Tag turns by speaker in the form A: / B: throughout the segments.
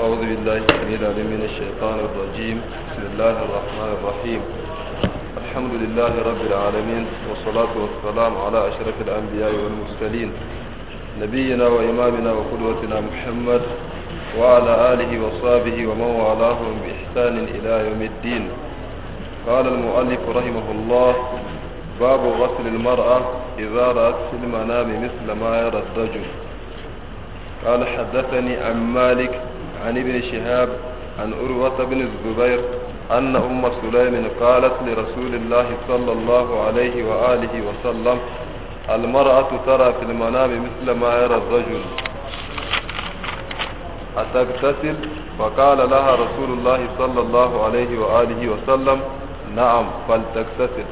A: أعوذ بالله السميع العليم من الشيطان الرجيم بسم الله الرحمن الرحيم الحمد لله رب العالمين والصلاة والسلام على أشرف الأنبياء والمرسلين نبينا وإمامنا وقدوتنا محمد وعلى آله وصحبه ومن والاهم بإحسان إلى يوم الدين قال المؤلف رحمه الله باب غسل المرأة إذا رأت في المنام مثل ما يرى الرجل قال حدثني عن مالك عن ابن شهاب عن أروة بن الزبير أن أم سليم قالت لرسول الله صلى الله عليه وآله وسلم المرأة ترى في المنام مثل ما يرى الرجل أتغتسل فقال لها رسول الله صلى الله عليه وآله وسلم نعم فلتغتسل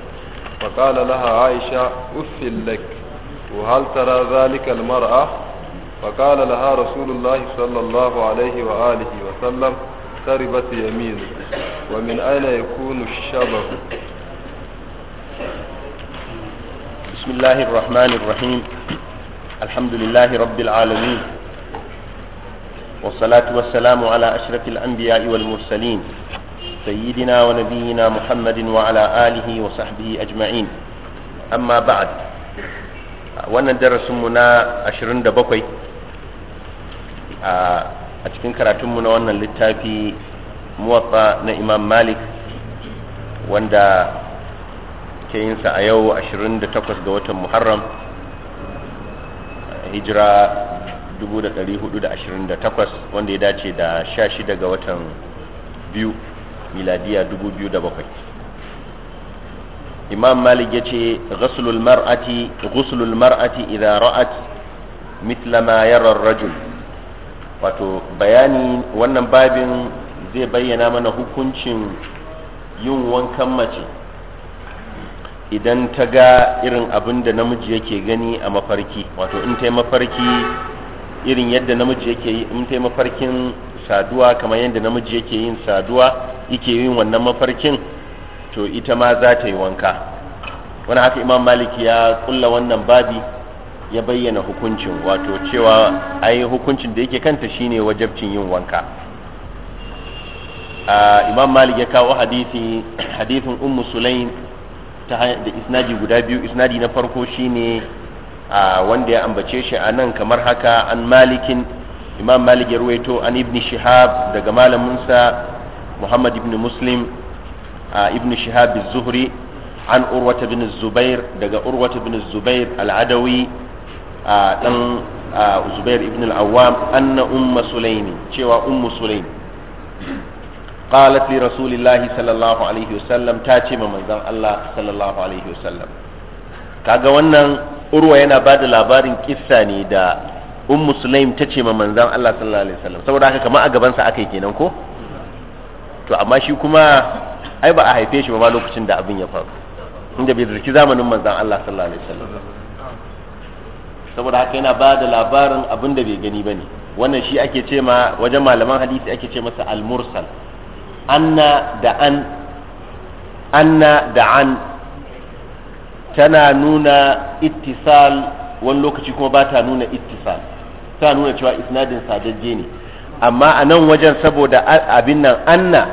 A: فقال لها عائشة أفل لك وهل ترى ذلك المرأة فقال لها رسول الله صلى الله عليه وآله وسلم تربت يمين ومن أين يكون الشبه
B: بسم الله الرحمن الرحيم الحمد لله رب العالمين والصلاة والسلام على أشرف الأنبياء والمرسلين سيدنا ونبينا محمد وعلى آله وصحبه أجمعين أما بعد wannan darasinmu na 27 a cikin karatunmu na wannan littafi muwatsa na imam malik wanda ke yinsa a yau 28 ga watan muharram hijira 1428 wanda ya dace da 16 ga watan biyu miladiya 2007 imam malik ya ce ghuslul mar'ati ghuslul mar'ati idza ra'at mithla ma yara rajul wato bayani wannan babin zai bayyana mana hukuncin yin wankan mace idan ta ga irin abin da namiji yake gani a mafarki wato in ta yi mafarki irin yadda namiji yake yi in ta yi mafarkin saduwa kamar yadda namiji yake yin saduwa yake yin wannan mafarkin to ita ma za ta yi wanka wani haka imam maliki ya kulla wannan babi ya bayyana hukuncin wato cewa ai hukuncin da yake kanta shine wajabcin yin wanka imam malik ya kawo hadisi hadisin ummu sulaim ta da isnadi guda biyu isnadi na farko shine wanda ya ambace shi a nan kamar haka an malikin imam malik ya ruwaito an ibn shihab daga malaminsa muhammad ibn muslim ibn shihab az-zuhri an urwata bin zubair daga urwata bin zubair al dan zubair ibn al-awwam anna umma sulaymi cewa ummu sulaymi qalat li rasulillahi sallallahu alaihi wasallam ta ce ma manzon Allah sallallahu alaihi wasallam kaga wannan urwa yana bada labarin kissa ne da ummu sulaim ta ce ma manzon Allah sallallahu alaihi wasallam saboda haka kamar a gaban sa akai kenan ko to amma shi kuma ai ba a haife shi ba lokacin da abin ya faru inda bai zarki zamanin manzon Allah sallallahu alaihi wasallam saboda haka yana ba da labarin abin da bai gani ba ne wannan shi ake ce ma wajen malaman hadisi ake ce masa al-mursal anna da an anna da an tana nuna ittisal wani lokaci kuma ba ta nuna ittisal ta nuna cewa isnadin sadajje ne amma a nan wajen saboda abin nan anna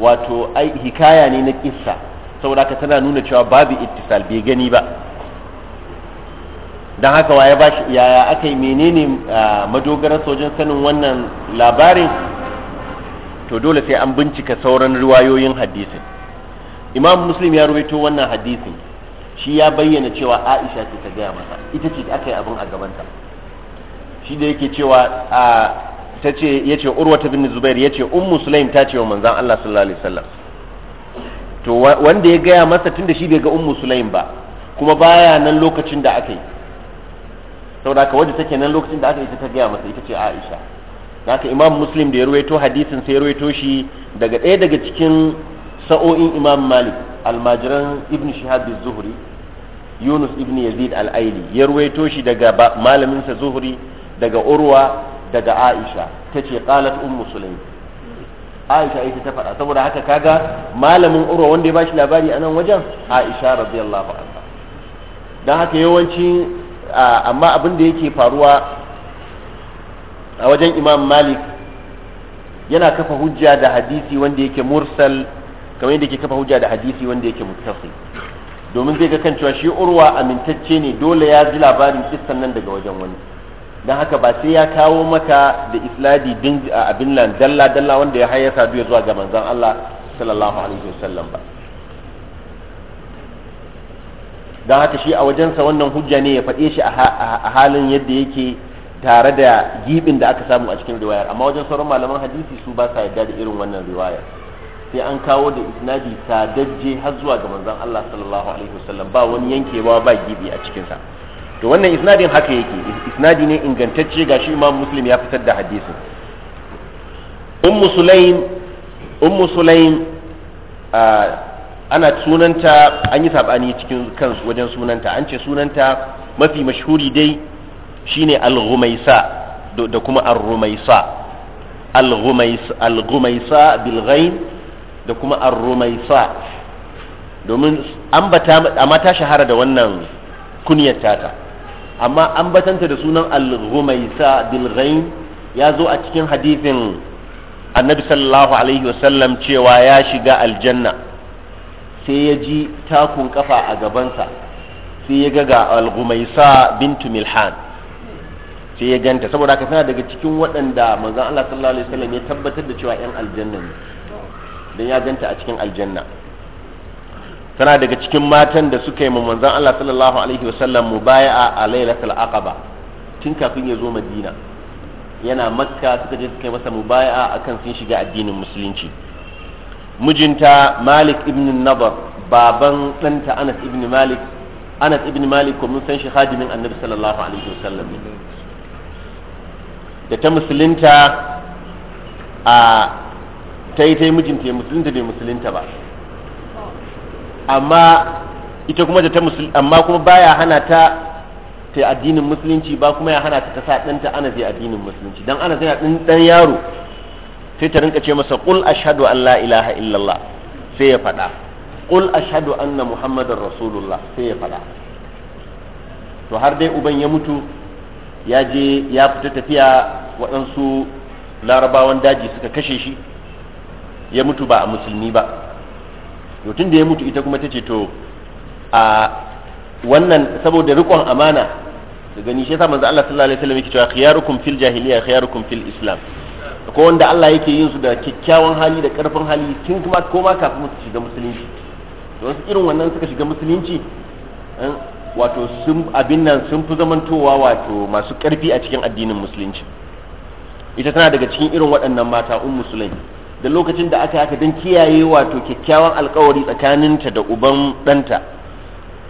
B: wato ai hikaya ne na kissa saboda haka tana nuna cewa babu ittisal bai gani ba don haka waye ba shi yaya aka yi menene madogarar sojin sanin wannan labarin to dole sai an bincika sauran riwayoyin hadisin imam muslim ya rubuto wannan hadisin shi ya bayyana cewa aisha ce ta gaya masa ita ce aka yi abin a gabanta shi da yake cewa a ta ce ya ce urwa ta bin zubair ya ce un musulaim ta ce wa manzan allah sallallahu alaihi sallam to wanda ya gaya masa tun da shi bai ga un musulaim ba kuma baya nan lokacin da aka yi saboda haka wadda take nan lokacin da aka yi ta gaya masa ita ce Aisha da haka Imam Muslim da ya ruwaito hadisin sai ya ruwaito shi daga ɗaya daga cikin sa'o'in Imam Malik almajiran Ibn Shihab az-Zuhri Yunus ibn Yazid al-Aili ya ruwaito shi daga malamin Zuhri daga Urwa daga Aisha tace qalat ummu Sulaim Aisha ita ta faɗa saboda haka kaga malamin Urwa wanda ya bashi labari a nan wajen Aisha radiyallahu anha dan haka yawanci amma abin da yake faruwa a wajen imam malik yana kafa hujja da hadisi wanda yake mursal kamar yadda yake kafa hujja da hadisi wanda yake muttasil domin zai ga kan cewa shi urwa amintacce ne dole ya ji labarin kissan nan daga wajen wani don haka ba sai ya kawo maka da isladi din abin nan dalla dalla wanda ya hayar sadu ya zuwa ga manzon Allah sallallahu alaihi wasallam ba don haka shi a wajensa wannan hujja ne ya faɗe shi a halin yadda yake tare da gibin da aka samu a cikin riwayar amma wajen sauran malaman hadisi su ba sa yadda da irin wannan riwayar sai an kawo da isnadi sadajje har zuwa ga manzon Allah sallallahu alaihi wasallam ba wani yankewa ba gibi a cikin sa to wannan isnadin haka yake isnadi ne ingantacce shi Imam Muslim ya fitar da hadisin Ummu Sulaim Ummu Sulaim ah, ana sunanta an yi sabani cikin kansu wajen sunanta an ce sunanta mafi mashhuri dai shine al-ghumaisa da kuma ar-rumaisa al-ghumaisa bil ghain da kuma ar-rumaisa domin ambata amma ta shahara da wannan kunyar tata amma ambatanta da sunan al-ghumaisa bil ghain ya zo a cikin hadithin annabi sallallahu alaihi wasallam cewa ya shiga aljanna sai ya ji takun kafa a gabansa sai ya ga al-gumaisa bintu milhan sai ya ganta saboda haka tana daga cikin waɗanda manzon Allah sallallahu alaihi wasallam ya tabbatar da cewa yan aljanna ne dan ya ganta a cikin aljanna tana daga cikin matan da suka yi ma manzon Allah sallallahu alaihi wasallam mubaya'a a lailatul aqaba tun kafin ya zo Madina yana makka suka je suka yi masa mubaya'a akan sun shiga addinin musulunci mijinta malik ibn nabar baban ɗanta anas ibn malik anas ibn malik ko mun san shi hadimin annabi sallallahu alaihi wasallam ne da ta musulunta a ta yi ta yi mijinta ya musulunta bai musulunta ba amma ita kuma da ta Musul amma kuma baya hana ta ta addinin musulunci ba kuma ya hana ta ta sa ɗanta anas ya addinin musulunci dan anas yana ɗan yaro sai ta rinka ce masa qul ashhadu an la ilaha illallah sai ya faɗa qul ashhadu anna muhammadar rasulullah sai ya faɗa to har dai uban ya mutu ya je ya fita tafiya waɗansu larabawan daji suka kashe shi ya mutu ba a musulmi ba to tun da ya mutu ita kuma ta ce to a wannan saboda riƙon amana da gani shi yasa manzo Allah sallallahu alaihi wasallam yake cewa khiyarukum fil jahiliya khiyarukum fil islam akwai wanda Allah yake yin su da kyakkyawan hali da karfin hali tun kuma koma kafin su shiga musulunci don wasu irin wannan suka shiga musulunci wato sun abin nan sun fi zamantowa wato masu karfi a cikin addinin musulunci ita tana daga cikin irin waɗannan mata un musulai da lokacin da aka haka don kiyaye wato kyakkyawan alkawari tsakaninta da uban ɗanta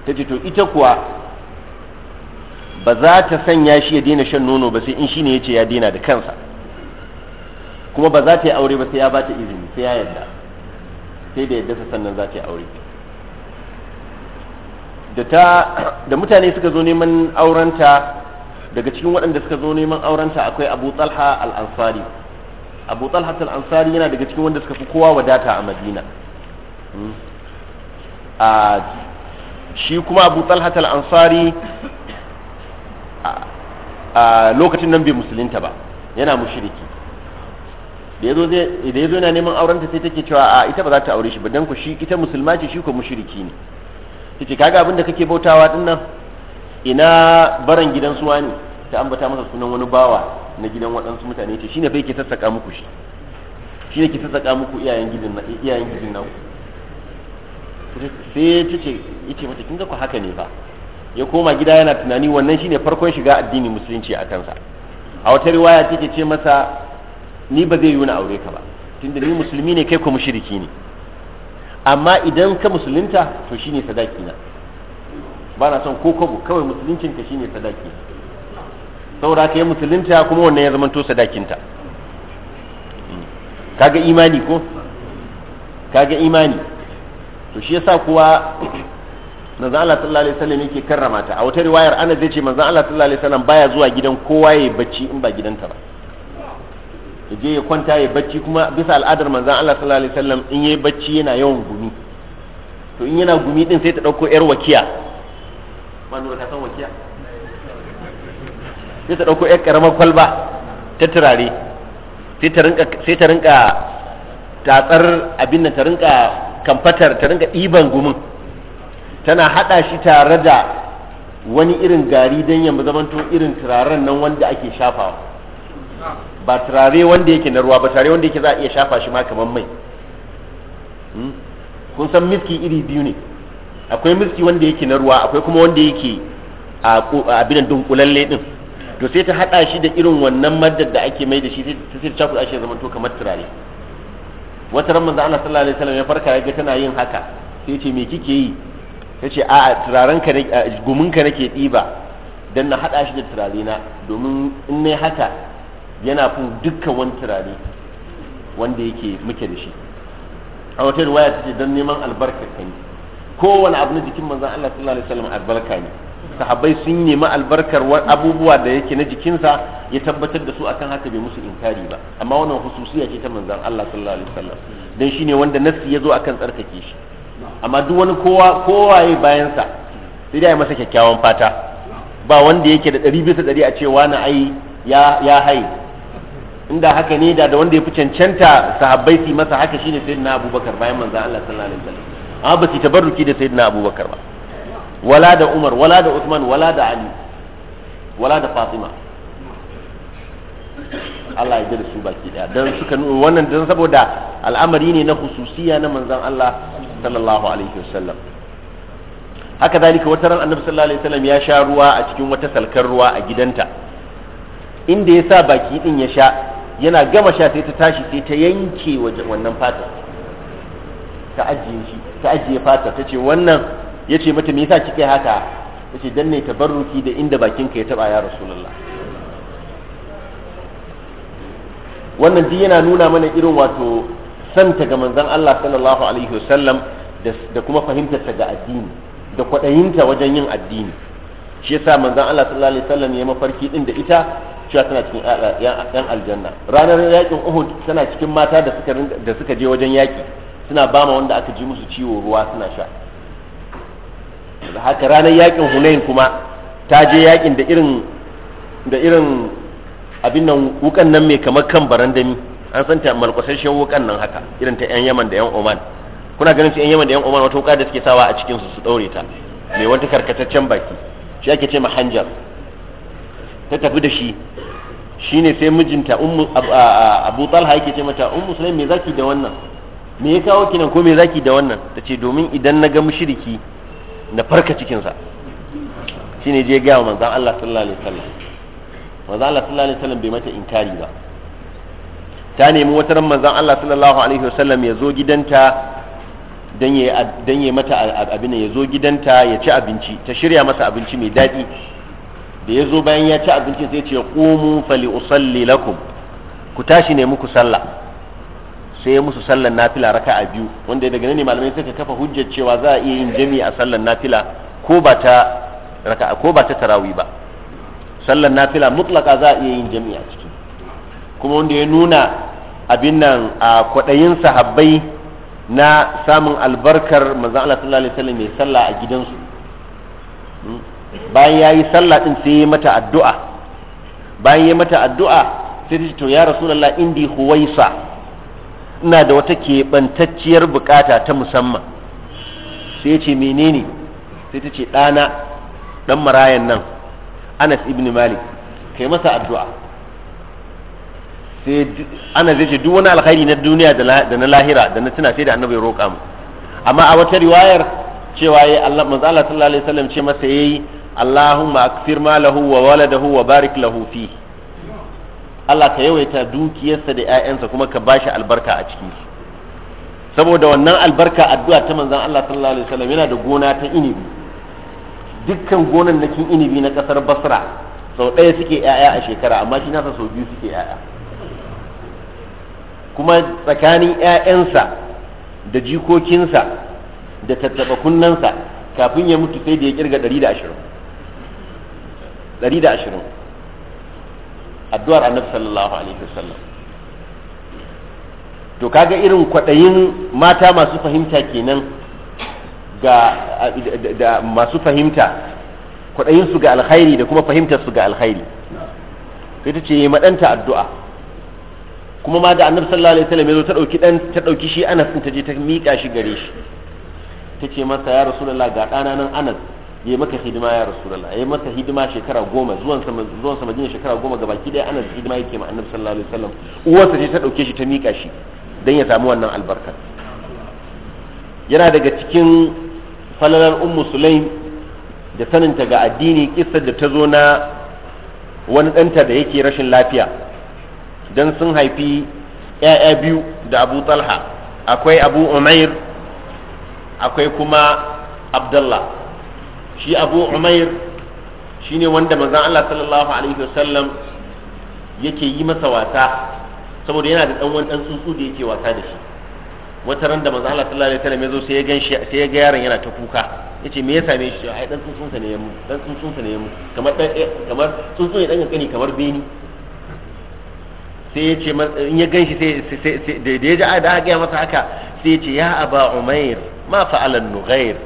B: ta ce to ita kuwa ba za ta sanya shi ya daina shan nono ba sai in shi ne ya ce ya daina da kansa kuma ba za ta yi aure ba sai ya ba ta izini sai ya yadda sai da yarda sannan za ta yi aure da ta da mutane suka zo neman aurenta daga cikin waɗanda suka zo neman aurenta akwai Abu Talha al-Ansari Abu Talha al'ansari ansari yana daga cikin wanda suka fi kowa wadata a Madina hmm. a shi kuma Abu Talha al'ansari ansari a lokacin nan bai musulunta ba yana mushriki da yazo zai da yazo yana neman auren ta sai take cewa a ita ba za ta aure shi ba dan ku shi ita musulma ce shi ko mushriki ne tace kaga abinda kake bautawa din nan ina baran gidan su wani ta ambata masa sunan wani bawa na gidan waɗansu mutane ce shine bai ke sassaka muku shi shi ne ke sassaka muku iyayen gidan na iyayen gidan nan sai tace yace mata kin ga ku haka ne ba ya koma gida yana tunani wannan shine farkon shiga addini musulunci a kansa a wata riwaya take ce masa ni ba zai yi wani aure ka ba tunda ni musulmi ne kai ko mushriki ne amma idan ka musulunta to shine sadaki na ba na son ko kwabo kawai musuluncin ka shine sadaki saboda ka yi musulunta kuma wannan ya zama to ta hmm. kaga imani ko kaga imani to shi yasa kuwa manzon Allah sallallahu alaihi wasallam yake karrama ta a wata riwayar ana zai ce manzon Allah sallallahu alaihi wasallam baya zuwa gidan kowa yayi bacci in ba gidanta ba ya je ya kwanta ya bacci kuma bisa al'adar manzon Allah sallallahu alaihi wasallam in yayi bacci yana yawan gumi to in yana gumi din sai ta dauko yar wakiya ma nura ka san wakiya sai ta dauko yar karamar kwalba ta turare sai ta rinka sai ta rinka tatsar abin nan ta rinka kamfatar ta rinka diban gumin tana hada shi tare da wani irin gari don yamma zamanto irin turaren nan wanda ake shafawa ba turare wanda yake na ruwa ba turare wanda yake za a iya shafa shi ma kamar mai hmm? kun san miski iri biyu ne akwai miski wanda yake na ruwa akwai kuma wanda yake a abinan kulalle din to sai ta hada shi da irin wannan maddar da ake mai da shi sai ta cakuɗa shi ya zama to kamar turare wata ran manzo Allah sallallahu alaihi wasallam ya farka ya ga tana yin haka sai ya ce me kike yi ta ce a turaren ka gumin ka nake diba dan na hada shi da turare na domin in nayi haka yana fi dukkan wani turare wanda yake muke da shi a wata riwaya ta ce don neman albarkar ka ne kowane abu na jikin manzan Allah sallallahu alaihi wasallam albarka ne sahabbai sun nemi albarkar abubuwa da yake na jikinsa ya tabbatar da su akan haka bai musu inkari ba amma wannan hususiya ce ta manzan Allah sallallahu alaihi wasallam dan shine wanda nassi yazo akan tsarkake shi amma duk wani kowa kowaye bayan sa sai dai masa kyakkyawan fata ba wanda yake da ɗari bisa ɗari a ce wani ai ya ya haye inda haka ne da da wanda ya fi cancanta sahabbai su masa haka shine sayyidina abubakar bayan manzon Allah sallallahu alaihi wasallam amma ba su tabarruki da sayyidina abubakar ba wala da umar wala da usman wala da ali wala da fatima Allah ya ji da su baki daya dan suka wannan dan saboda al'amari ne na hususiya na manzon Allah sallallahu alaihi wasallam haka dalika wata ran annabi sallallahu alaihi wasallam ya sha ruwa a cikin wata salkar ruwa a gidanta inda ya sa baki din ya sha yana gama sha sai ta tashi sai ta yanke wannan fata ta ajiye shi ta ajiye fata ta ce wannan ya ce mata me yasa kike haka ta ce dan ne barruki da inda bakinka ya taba ya rasulullah wannan duk yana nuna mana irin wato santa ga manzon Allah sallallahu alaihi wasallam da kuma fahimtarsa ga addini da kwaɗayinta wajen yin addini shi yasa manzon Allah sallallahu alaihi wasallam ya mafarki din da ita cewa tana cikin yan aljanna ranar yakin uhud tana cikin mata da suka da suka je wajen yaki suna bama wanda aka ji musu ciwo ruwa suna sha haka ranar yakin hunain kuma ta je yakin da irin da irin abin nan wukan nan mai kamar kan barandami an san ta malkwasashen wukan nan haka irin ta yan yaman da yan oman kuna ganin su yan yaman da yan oman wata wuka da suke sawa a cikin su su daure ta mai wata karkataccen baki shi ake ce ma hanjar ta tafi da shi shine sai mijinta ummu abu talha yake ce mata ummu sulaim me zaki da wannan me ya kawo kinan ko me zaki da wannan ce domin idan na ga mushriki na farka cikin sa shine je ga manzon Allah sallallahu alaihi wasallam manzon Allah sallallahu alaihi wasallam bai mata inkari ba ta nemi wata ran manzon Allah sallallahu alaihi wasallam ya zo gidanta dan ya dan ya mata abin ya zo gidanta ya ci abinci ta shirya masa abinci mai daɗi da ya zo bayan ya ci abinci sai ce ƙumu fali usalli lakum ku tashi ne muku sallah sai ya musu sallan nafila raka a biyu wanda daga nan ne malamai suka kafa hujjar cewa za a iya yin jami a sallan nafila ko ba ta raka ko ba ta tarawi ba sallan nafila mutlaka za a iya yin jami a ciki kuma wanda ya nuna abin nan a kwaɗayin sahabbai na samun albarkar manzon Allah sallallahu alaihi wasallam mai sallah a gidansu hmm? bayan ya yi sallah ɗin sai ya mata addu'a bayan ya mata addu'a sai ta ce to ya rasulallah indi huwaisa ina da wata keɓantacciyar bukata ta musamman sai ya ce menene sai ta ce ɗana ɗan marayan nan anas ibn malik kai masa addu'a sai anas zai ce duk wani alkhairi na duniya da na lahira da na tuna sai da annabai roƙa mu amma a wata riwayar cewa ya Allah manzo sallallahu alaihi wasallam ce masa ya yi. Allahumma akfir malahu wa waladahu wa barik lahu fi Allah ka yawaita dukiyarsa da ƴaƴansa kuma ka bashi albarka a ciki saboda wannan albarka addu'a ta manzon Allah sallallahu alaihi wasallam yana da gona ta inibi dukkan gonan nakin inibi na kasar Basra sau ɗaya suke ƴaƴa a shekara amma shi nasa sau biyu suke ƴaƴa kuma tsakanin ƴaƴansa da jikokinsa da tattaɓa kunnansa kafin ya mutu sai da ya kirga 120 ɗari da ashirin addu'ar annabi sallallahu alaihi wasallam to kaga irin kwaɗayin mata masu fahimta kenan ga da masu fahimta su ga alkhairi da kuma fahimtar su ga alkhairi sai ta ce eh, maɗanta addu'a kuma ma da annabi sallallahu alaihi wasallam ya ta dauki dan ta ɗauki shi anas ta je ta miƙa shi gare shi tace ce masa ya rasulullah ga dana nan anas ya maka hidima ya rasu da ya yi maka hidima shekara goma zuwan sama jini shekara goma ga baki daya ana hidima yake ma annabi sallallahu alaihi wasallam uwarsa ce ta ɗauke shi ta mika shi don ya samu wannan albarka yana daga cikin falalar ummu sulaim da saninta ga addini kisa da ta zo na wani ɗanta da yake rashin lafiya don sun haifi 'ya'ya biyu da abu talha akwai abu umair akwai kuma abdullah shi abu umair ne wanda manzan Allah sallallahu alaihi wasallam yake yi masa wasa saboda yana da ɗan wani ɗan tsuntsu da yake wasa da shi wata ran da manzon Allah sallallahu alaihi wasallam zo sai ya gan sai ya ga yaron yana ta kuka yace me ya same shi ai ɗan tsuntsun sa ne ya mu tsuntsun sa ne ya kamar dan eh, kamar tsuntsun ya ɗan kankani kamar beni sai ya ce in ya gan shi sai da ya ji da aka masa haka sai ya ce ya aba umair ma fa'alan nugair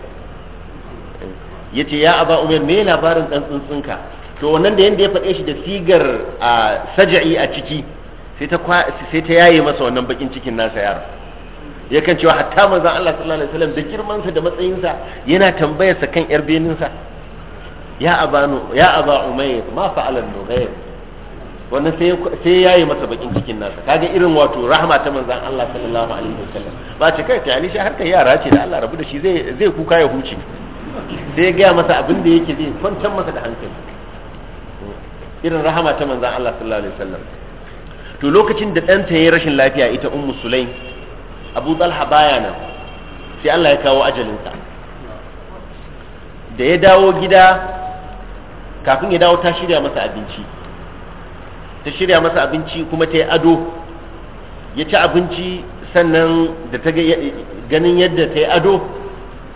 B: ya ce ya aba umar me labarin ɗan tsuntsunka to wannan da yadda ya faɗe shi da sigar a saja'i a ciki sai ta yaye masa wannan bakin cikin nasa yaro yakan cewa hatta manzon Allah sallallahu alaihi wasallam da girmansa da matsayinsa yana sa kan yar sa ya abanu ya aba umayr ma fa'ala nughayr wannan sai sai yayi masa bakin cikin nasa kaga irin wato rahma ta manzon Allah sallallahu alaihi wasallam ba ce kai ta alisha harkar yara ce da Allah rabu da shi zai zai kuka ya huce da ya gaya masa abin da yake zai kwantar masa da hankali irin rahama ta manzan Allah sallallahu alaihi wasallam to lokacin da ɗanta ya yi rashin lafiya ita ummu musulai abu zalha baya nan sai Allah ya kawo ajalinsa da ya dawo gida kafin ya dawo ta shirya masa abinci ta shirya masa abinci kuma ta yi ado ya ci abinci sannan da ta ganin yadda ta yi ado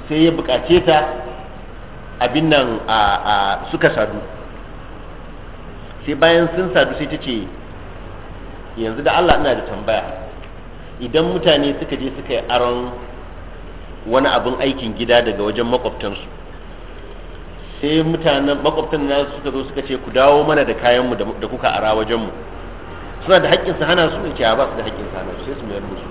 B: sai ya bukace ta abin nan suka sadu sai bayan sun sadu sai ta ce yanzu da Allah ina da tambaya idan mutane suka je suka yi aron wani abin aikin gida daga wajen makwabtansu sai mutanen makwabtan na suka zo suka ce ku dawo mana da kayanmu da kuka ara wajenmu suna da haƙƙin su hana su ne ce ba su da haƙƙin su hana su sai su mayar musu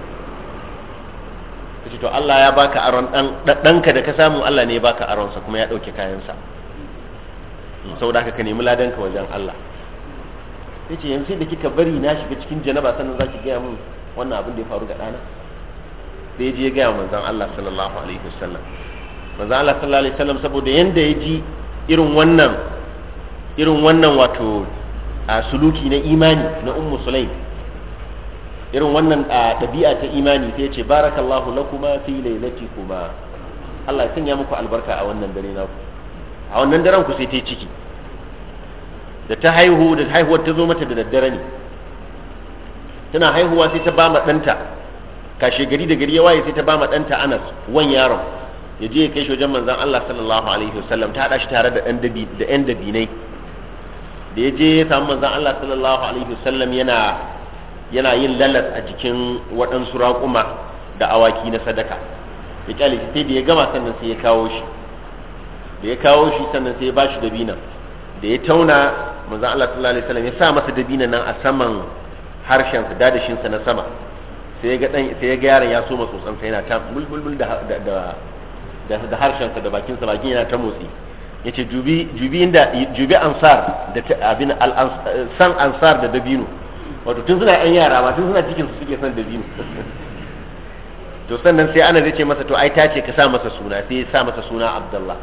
B: kace to Allah ya baka aron dan danka da ka samu Allah ne ya baka aron sa kuma ya dauke kayan sa hmm, saboda haka ka nemi ladan ka wajen Allah yace yanzu da kika bari na shiga cikin janaba sannan zaki ga mun wannan abin da ya faru ga dana da yaje ya ga manzon Allah sallallahu alaihi wasallam manzon Allah sallallahu alaihi wasallam saboda yanda ya ji irin wannan irin wannan wato a suluki na imani na ummu sulaim irin wannan ɗabi'a ta imani sai ce barakallahu lakuma fi lailatikuma Allah ya sanya muku albarka a wannan dare naku a wannan daren ku sai ta ciki da ta haihu da haihuwar ta zo mata da daddare ne tana haihuwa sai ta ba ma ɗanta kashe gari da gari ya waye sai ta ba ma ɗanta Anas wan yaron ya je ya kai shi wajen manzon Allah sallallahu alaihi wasallam ta hada shi tare da ɗan dabi da ɗan dabinai da ya je ya samu manzon Allah sallallahu alaihi wasallam yana yana yin lalas a jikin waɗansu raƙuma da awaki na sadaka ya kyale shi sai da ya gama sannan sai ya kawo shi da ya kawo shi sannan sai ya ba shi dabinan da ya tauna manzon Allah sallallahu alaihi wasallam ya sa masa dabina nan a saman harshen sa dadashin sa na sama sai ya ga dan sai ya ga yaron ya sai yana ta bulbul da da da da harshen sa da bakin sa bakin yana ta motsi yace dubi jubi inda ansar da abin al san ansar da dabino wato tun suna yan yara ba tun suna cikin su suke son dabino to sannan sai ana zai ce masa to ai ta ce ka sa masa suna sai ya sa masa suna abdullah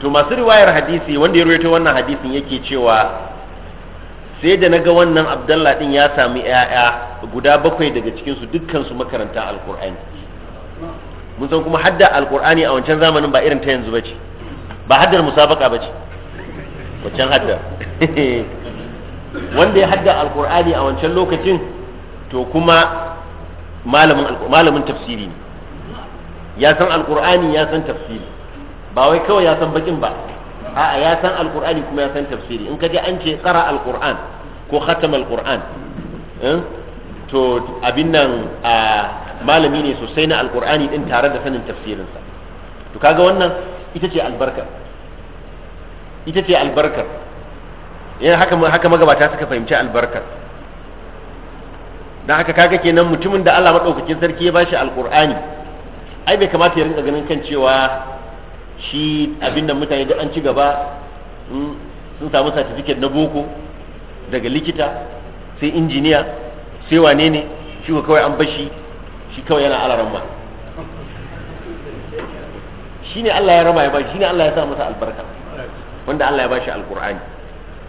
B: to masu riwayar hadisi wanda ya rawaito wannan hadisin yake cewa sai da na ga wannan abdullah din ya sami yaya guda bakwai daga cikin su dukkan su makaranta alqur'ani mun san kuma hadda alqur'ani a wancan zamanin ba irin ta yanzu bace ba haddar musabaka bace wancan haddar wanda ya hadda alkur'ani a wancan lokacin to kuma malamin tafsiri ne ya san alkur'ani ya san tafsiri ba wai kawai ya san bakin ba a ya san alkur'ani kuma ya san tafsiri in ka je an ce tsara alkur'an ko khatam alkur'an eh, to abin nan a malami ne sosai na alkur'ani din tare da sanin tafsirinsa to kaga wannan ita ce albarkar ita ce albarkar yin haka haka magabata suka fahimci albarkar dan haka kaga kenan mutumin da Allah madaukakin sarki ya bashi alqur'ani ai bai kamata ya rinka ganin kan cewa shi abinda mutane da an ci gaba hmm, sun samu certificate na boko daga likita sai injiniya sai wane ne shi kawai an bashi shi kawai yana alaran ma shi ne Allah ya raba ya bashi shi ne Allah ya sa masa albarka wanda Allah ya bashi alkur'ani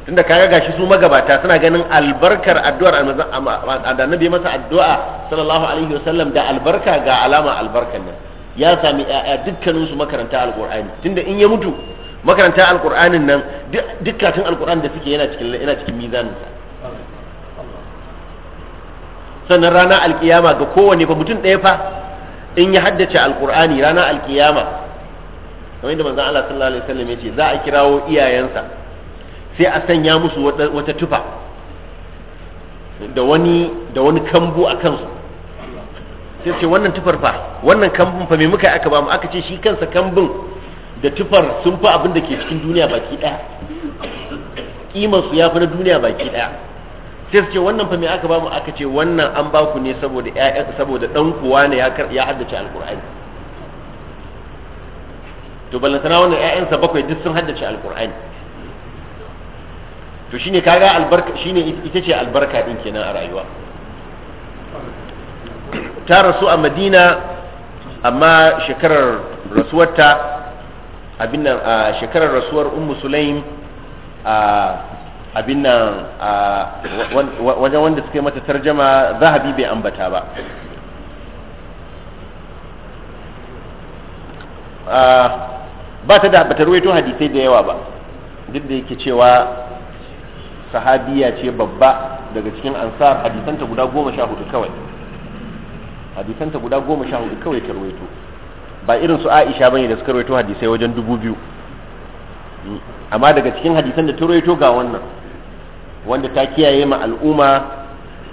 B: tunda kaga gashi su magabata suna ganin albarkar addu'ar annabi masa addu'a sallallahu alaihi wasallam da albarka ga alama albarkan nan ya sami ƴaƴa dukkanin su makaranta alqur'ani tunda in ya mutu makaranta alqur'anin nan dukkatun alqur'an da suke yana cikin yana cikin mizanin sannan rana alkiyama ga kowane fa mutum ɗaya fa in ya haddace alqur'ani rana alkiyama kamar yadda manzon Allah sallallahu alaihi wasallam ya ce za a kirawo iyayensa sai a sanya musu wata tufa da wani da wani kambu a kansu sai ce wannan tufar fa wannan kambun fa me muka aka ba mu aka ce shi kansa kambun da tufar sun fi abin da ke cikin duniya baki daya kimar su ya fi na duniya baki daya sai su ce wannan fa me aka ba mu aka ce wannan an ba ku ne saboda ƴaƴan saboda dan kuwa ne ya ya haddace alqur'ani to ballantana wannan ƴaƴansa bakwai duk sun haddace alqur'ani to shine kaga albarka shine ita ce albarka din kenan a rayuwa ta rasu a madina amma shekarar rasuwarta abin nan a shekarar rasuwar ummu sulaim a abin nan a wajen wanda suka mata tarjama zahabi bai ambata ba ba ta da bata ruwaito hadisai da yawa ba duk da yake cewa sahabiya ce babba daga cikin ansar hadisanta guda goma sha hudu kawai hadisanta guda goma sha hudu kawai ta rawaito ba irin su aisha bane da suka rawaito hadisai wajen dubu biyu hmm. amma daga cikin hadisan da ta rawaito ga wannan wanda ta kiyaye ma al'umma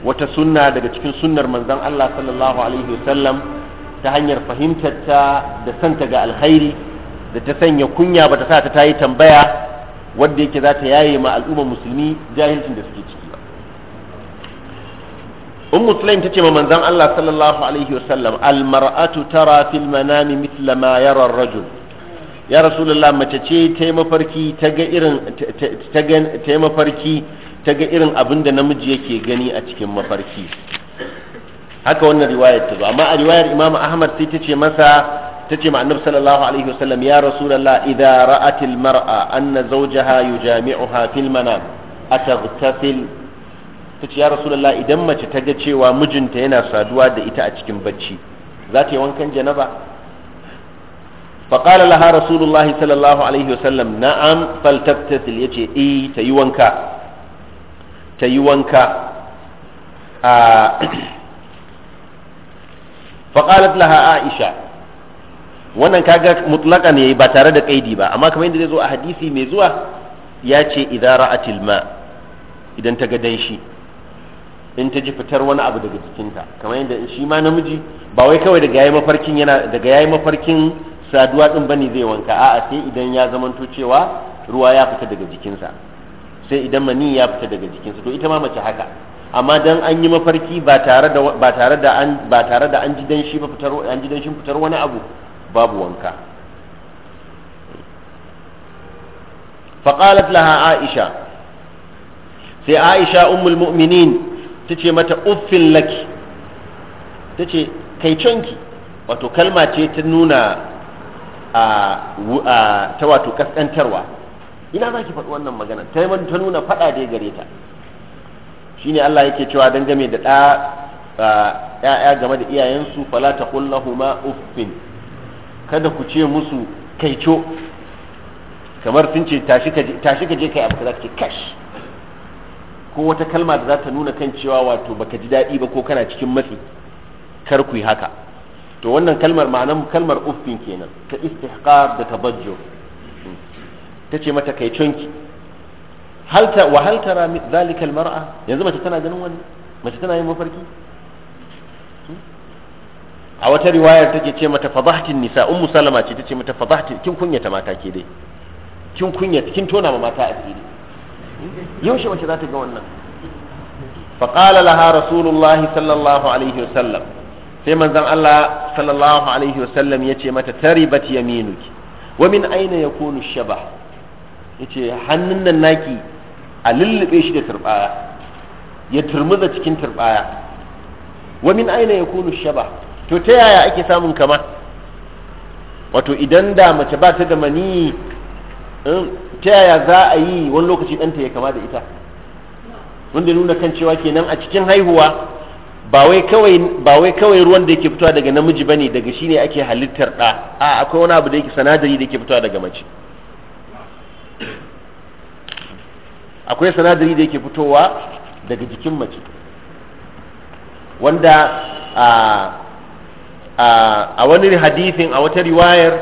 B: wata sunna daga cikin sunnar manzon Allah sallallahu alaihi wasallam ta hanyar fahimtar ta da santa ga alkhairi da ta sanya kunya bata sa ta tayi tambaya wadda yake za ta yaye ma al'ummar musulmi jahilcin da suke ciki ummu sulaim tace ma manzon Allah sallallahu alaihi wasallam al tara fil manami mithla ma yara rajul ya rasulullah mace ce ta yi mafarki ta ga irin ta ga ta mafarki ta ga irin abin da namiji yake gani a cikin mafarki haka wannan riwayar ta zo amma a riwayar Imam Ahmad sai ta ce masa tace ma annabi sallallahu alaihi wasallam ya rasulullah idza ra'at almar'a anna zawjaha yujami'uha fil manam ataghtasil tace ya rasulullah idan mace ta ga cewa mijinta yana saduwa da ita a cikin bacci za ta yi wankan janaba فقال لها رسول الله صلى الله عليه وسلم نعم فلتغتسل يجي اي تي وانكا آه فقالت لها عائشه wannan kaga mutlaka ne ba tare da kaidi ba amma kamar yadda zai zo a hadisi mai zuwa ya ce idan ra'atil ma idan ta ga danshi in ta ji fitar wani abu daga jikinta kamar yadda shi ma namiji ba wai kawai daga yayi mafarkin yana daga yayi mafarkin saduwa din bane zai wanka a'a sai idan ya zamanto cewa ruwa ya fita daga jikinsa sai idan mani ya fita daga jikinsa to ita ma mace haka amma dan an yi mafarki ba tare da ba tare da an ba tare da an ji dan shi ba fitar an ji dan shi fitar wani abu babu wanka faƙalat laha aisha sai aisha ummul mu'minin ta ce mata uffin laki ta ce kai canki wato kalma ce ta nuna a ta wato kaskantarwa ina za ki faɗi wannan magana ta ta nuna faɗa dai gare ta shine Allah yake cewa dangane da ɗa ‘ya'ya game da iyayensu fala ta kullahuma uffin kada ku ce musu kaico kamar sun ce tashi ka je kai abu ka ce kash ko wata kalma da za ta nuna kan cewa wato baka ji daɗi ba ko kana cikin matsi kar ku yi haka to wannan kalmar ma'anar kalmar uffin kenan ta istihqar da tabajjo ta ce mata kaiconki halta wa haltara zalika almar'a yanzu mace tana ganin wani mace tana yin mafarki a wata riwayar take ce mata fadahtin nisa ummu salama ce tace mata fadahtin kin kunyata mata ke dai kin kunya kin tona ma mata asiri yaushe wace za ta ga wannan fa qala laha rasulullahi sallallahu alaihi wasallam sai manzon Allah sallallahu alaihi wasallam yace mata taribat yaminuki wa min aina yakunu shabah yace hannun nan naki a lullube shi da turbaya ya turmuza cikin turbaya wa min aina yakunu shabah to ta yaya ake samun kama wato idan da mace ba ta da mani um, ta yaya za a yi wani lokaci ɗanta ya kama da ita wanda nuna kan cewa kenan a cikin haihuwa ba wai kawai ruwan da yake fitowa daga namiji bane daga shi ne ake halittar ɗa a akwai wani abu da yake sanadari da yake fitowa daga mace akwai sanadari da yake fitowa daga jikin mace wanda a ah, a wani hadithin a wata riwayar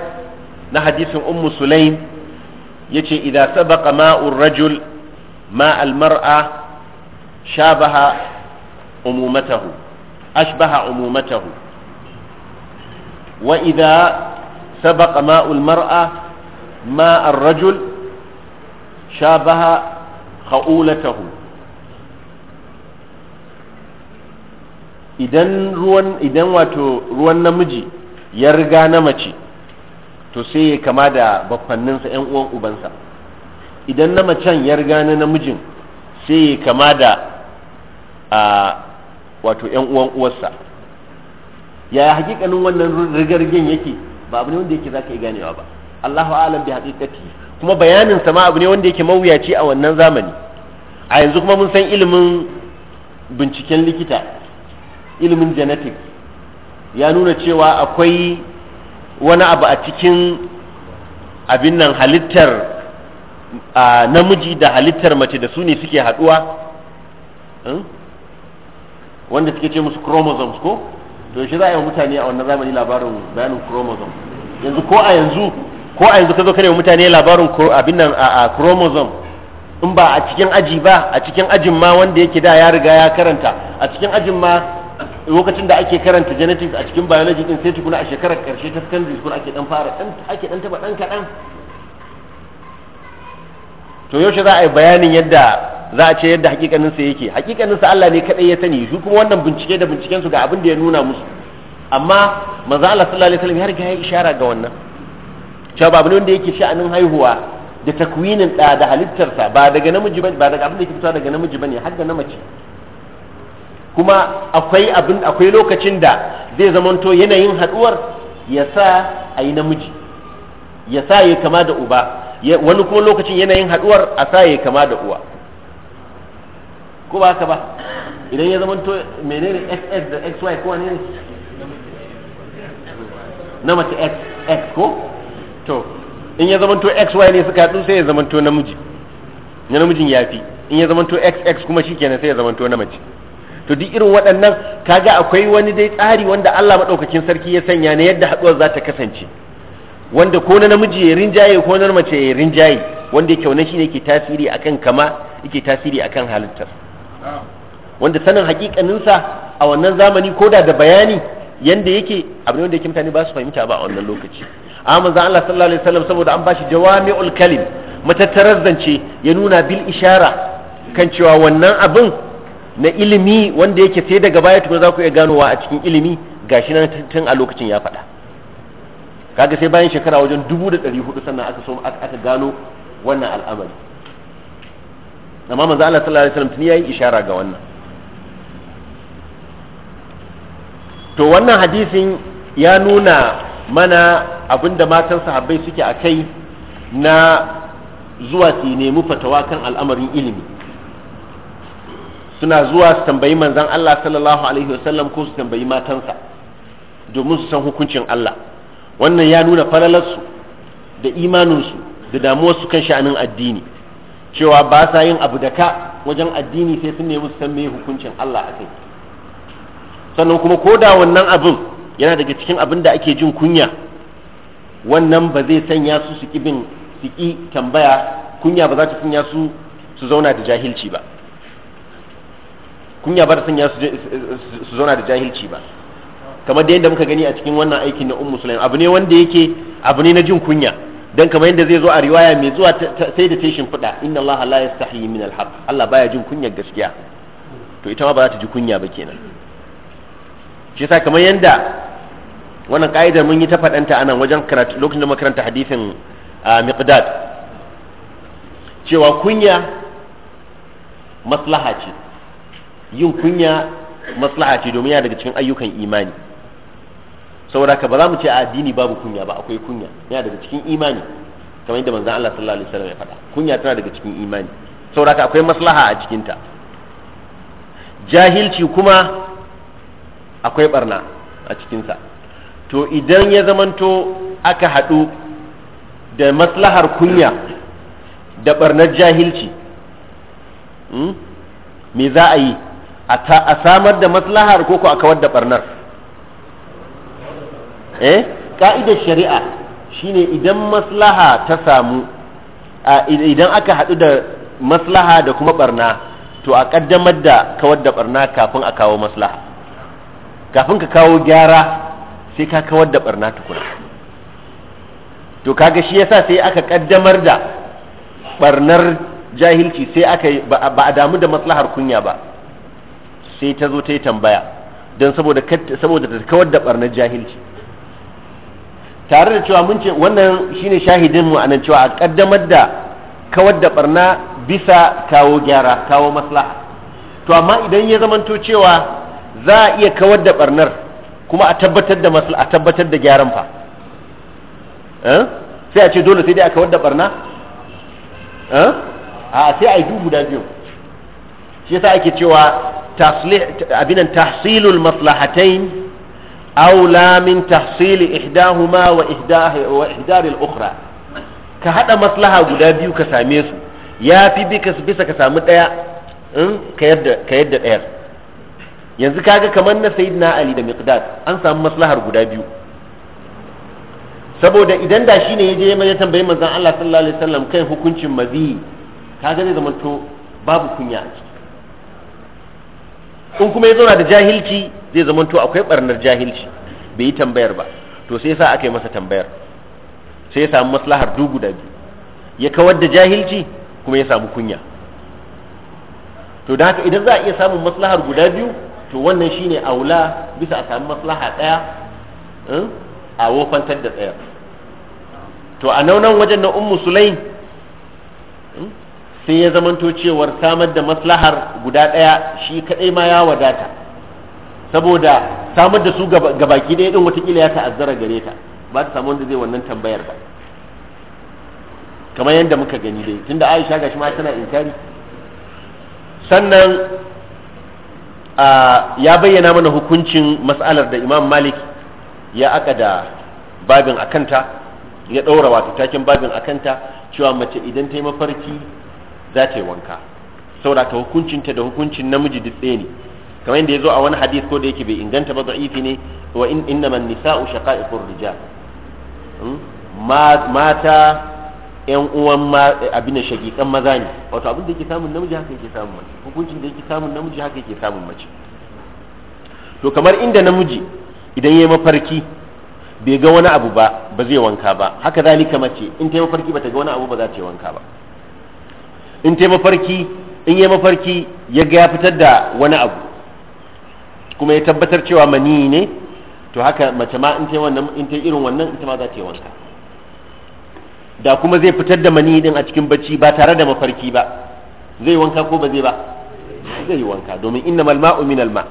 B: na hadisin ummu sulaim yace idza sabaqa ma'ur rajul ma al-mar'a shabaha umumatahu ashbaha umumatahu wa idza sabaqa ma'ul mara ma'ar rajul shabaha kha'ulatahu idan ruwan idan wato ruwan namiji ya riga na mace to sai ya kama da bakwanninsa yan uwan ubansa idan na macen ya riga na namijin sai ya kama da a wato yan uwan uwarsa yaya hakikalin wannan rigargin yake ba abu ne wanda yake zaka yi ganewa ba Allahu a'lam bi haqiqati kuma bayanin sama abu ne wanda yake mawuyaci a wannan zamani a yanzu kuma mun san ilimin binciken likita ilimin genetics ya nuna cewa akwai wani abu a cikin abin nan halittar namiji da halittar mace da su ne suke haduwa hmm? wanda suke ce musu chromosomes ko to shi za a yi mutane a wannan zamani labarin bayanin chromosome yanzu ko a yanzu ko a yanzu ka zo kare mutane labarin abin nan a chromosome in ba a cikin aji ba a cikin ajin ma wanda yake da ya riga ya karanta a cikin ajin ma lokacin da ake karanta genetics a cikin biology din sai tukuna a shekarar karshe ta secondary school ake dan fara dan ake dan taba dan kadan to yaushe za a yi bayanin yadda za a ce yadda hakikanin sa yake hakikanin sa Allah ne kadai ya sani su kuma wannan bincike da binciken su ga abin da ya nuna musu amma manzo Allah sallallahu alaihi wasallam ya riga ya ishara ga wannan cewa babu wanda yake sha'anin haihuwa da takwinin da da halittarsa ba daga namiji ba daga abin da yake fitowa daga namiji bane har da na mace kuma akwai abin akwai lokacin da zai zamanto yanayin haduwar ya sa a yi namiji ya sa ya kama da uba wani kuma lokacin yanayin haduwar a sa ya kama da uwa ko ba haka ba idan ya zamanto menene xx da xy ko wani ne na mace xx ko to in ya zamanto xy ne suka haɗu sai ya zamanto namiji na namijin ya fi in ya zamanto xx kuma shi kenan sai ya zamanto na mace to duk irin waɗannan kaga akwai wani dai tsari wanda Allah maɗaukakin sarki ya sanya ne yadda haɗuwar za ta kasance wanda ko na namiji ya rinjaye ko na mace ya rinjaye wanda yake wannan shine yake tasiri akan kama yake tasiri akan halittar wanda sanin hakikaninsa a wannan zamani ko da da bayani yanda yake abin wanda yake mutane ba su fahimta ba a wannan lokaci amma Allah sallallahu alaihi wasallam saboda an bashi jawami'ul kalim matattarar zance ya nuna bil ishara kan cewa wannan abin na ilimi wanda yake sai daga baya tukuna za ku iya ganowa a cikin ilimi gashi nan tun a lokacin ya faɗa kaga sai bayan shekara wajen dubu da ɗari hudu sannan aka so aka gano wannan al'amari amma manzo Allah sallallahu alaihi wasallam tuni yayi ishara ga wannan to wannan hadisin ya nuna mana abin da matan sahabbai suke a kai na zuwa su nemi fatawa kan al'amarin ilimi suna zuwa su tambayi manzan Allah sallallahu alaihi wasallam ko su tambayi matansa domin su san hukuncin Allah wannan ya nuna falalarsu da imaninsu da damuwarsu kan sha'anin addini cewa ba sa yin abu da ka wajen addini sai sun nemi su san me hukuncin Allah a kai sannan kuma ko da wannan abin yana daga cikin abin da ake jin kunya wannan ba zai sanya su su ƙi tambaya kunya ba za ta sanya su su zauna da jahilci ba kunya ba ta sanya su zauna da jahilci ba kamar da yadda muka gani a cikin wannan aikin na ummu sulaiman abu ne wanda yake abu ne na jin kunya dan kamar yadda zai zo a riwaya mai zuwa sai da tashin fida inna allaha la yastahi min alhaq Allah baya jin kunyar gaskiya to ita ma ba za ta ji kunya ba kenan shi yasa kamar yadda wannan ka'idar mun yi ta faɗanta a nan wajen karatu lokacin da muka karanta hadisin miqdad cewa kunya maslaha ce yin kunya maslaha ce domin yana daga cikin ayyukan imani saboda ka ba za mu ce a addini babu kunya ba akwai kunya yana daga cikin imani kamar yadda manzon Allah sallallahu alaihi wasallam ya faɗa kunya tana daga cikin imani saboda ka akwai maslaha a cikin ta jahilci kuma akwai barna a cikin sa to idan ya zamanto aka haɗu da maslahar kunya da barnar jahilci hmm, me za a yi a samar da maslahar ko a kawar da barnar eh ka'idar shari'a shine idan maslaha ta samu idan aka haɗu da maslaha da kuma barna to a ƙaddamar da kawar da barna kafin a kawo maslaha kafin ka kawo gyara sai ka kawar da barna tukuna to kaga shi yasa sai aka ƙaddamar da barnar jahilci sai aka ba a damu da maslahar kunya ba sai ta zo ta yi tambaya don saboda ta kawar da barnar jahilci tare da cewa mun ce wannan shine shahidin mu anan cewa a kaddamar da kawar da barna bisa kawo gyara kawo maslaha to amma idan ya zamanto cewa za a iya kawar da barnar kuma a tabbatar da maslaha a tabbatar da gyaran fa eh? sai a ce dole sai dai a kawar da barna eh? a sai a yi duhu da biyu shi yasa ake cewa تصليح أبنا تحصيل المصلحتين أولى من تحصيل إحداهما وإهداه وإهدار الأخرى كهذا مصلحة غلابي وكساميس يا في بي كس بيسا كسامت يا أم كيد كيد إير ينزل كاجا كمان سيدنا علي دم يقدر أنسى مصلحة غلابي saboda idan da shine yaje mai tambayi manzon Allah sallallahu alaihi wasallam kan hukuncin mazi kaga ne zaman to babu kunya a ciki in kuma ya zauna da jahilci zai zamanto akwai barnar jahilci bai yi tambayar ba to sai yasa aka yi masa tambayar sai ya samu maslahar du guda biyu ya kawar da jahilci kuma ya samu kunya to da haka idan za a iya samun maslahar guda biyu to wannan shine aula bisa a samu maslaha daya eh, a wofantar da tsayar to a naunan wajen na ummu sulaim sai ya zamanto cewar samar da maslahar guda ɗaya shi kaɗai ma ya wadata saboda samar da su gabaki ɗaya ɗin watakila ya ta'azzara gare ta ba ta samu wanda zai wannan tambayar ba kamar yadda muka gani dai tunda aisha shi ma tana inkari sannan ya bayyana mana hukuncin mas'alar da imam malik ya aka da babin akanta ya ɗaura wata takin babin akanta cewa mace idan ta yi mafarki za ta yi wanka saboda ka hukuncinta da hukuncin namiji duk ɗaya ne kamar yadda ya zo a wani hadis ko da yake bai inganta ba za'ifi ne wa in man nisa'u shaqa'iqur rijal hmm? mata yan uwan ma abin da kan maza ne wato abin da yake samun namiji haka yake samun mace hukuncin da yake samun namiji haka yake samun mace to kamar inda namiji idan ya mafarki bai ga wani abu ba ba zai wanka ba haka zalika mace in ta yi mafarki ba ta ga wani abu ba za ta yi wanka ba in ta mafarki in yi mafarki ya ga ya fitar da wani abu kuma ya tabbatar cewa mani ne to haka mace ma in ta wannan in ta irin wannan ita ma za ta yi wanka da kuma zai fitar da mani din a cikin bacci ba tare da mafarki ba zai wanka ko ba zai ba zai yi wanka domin inna malma umin ma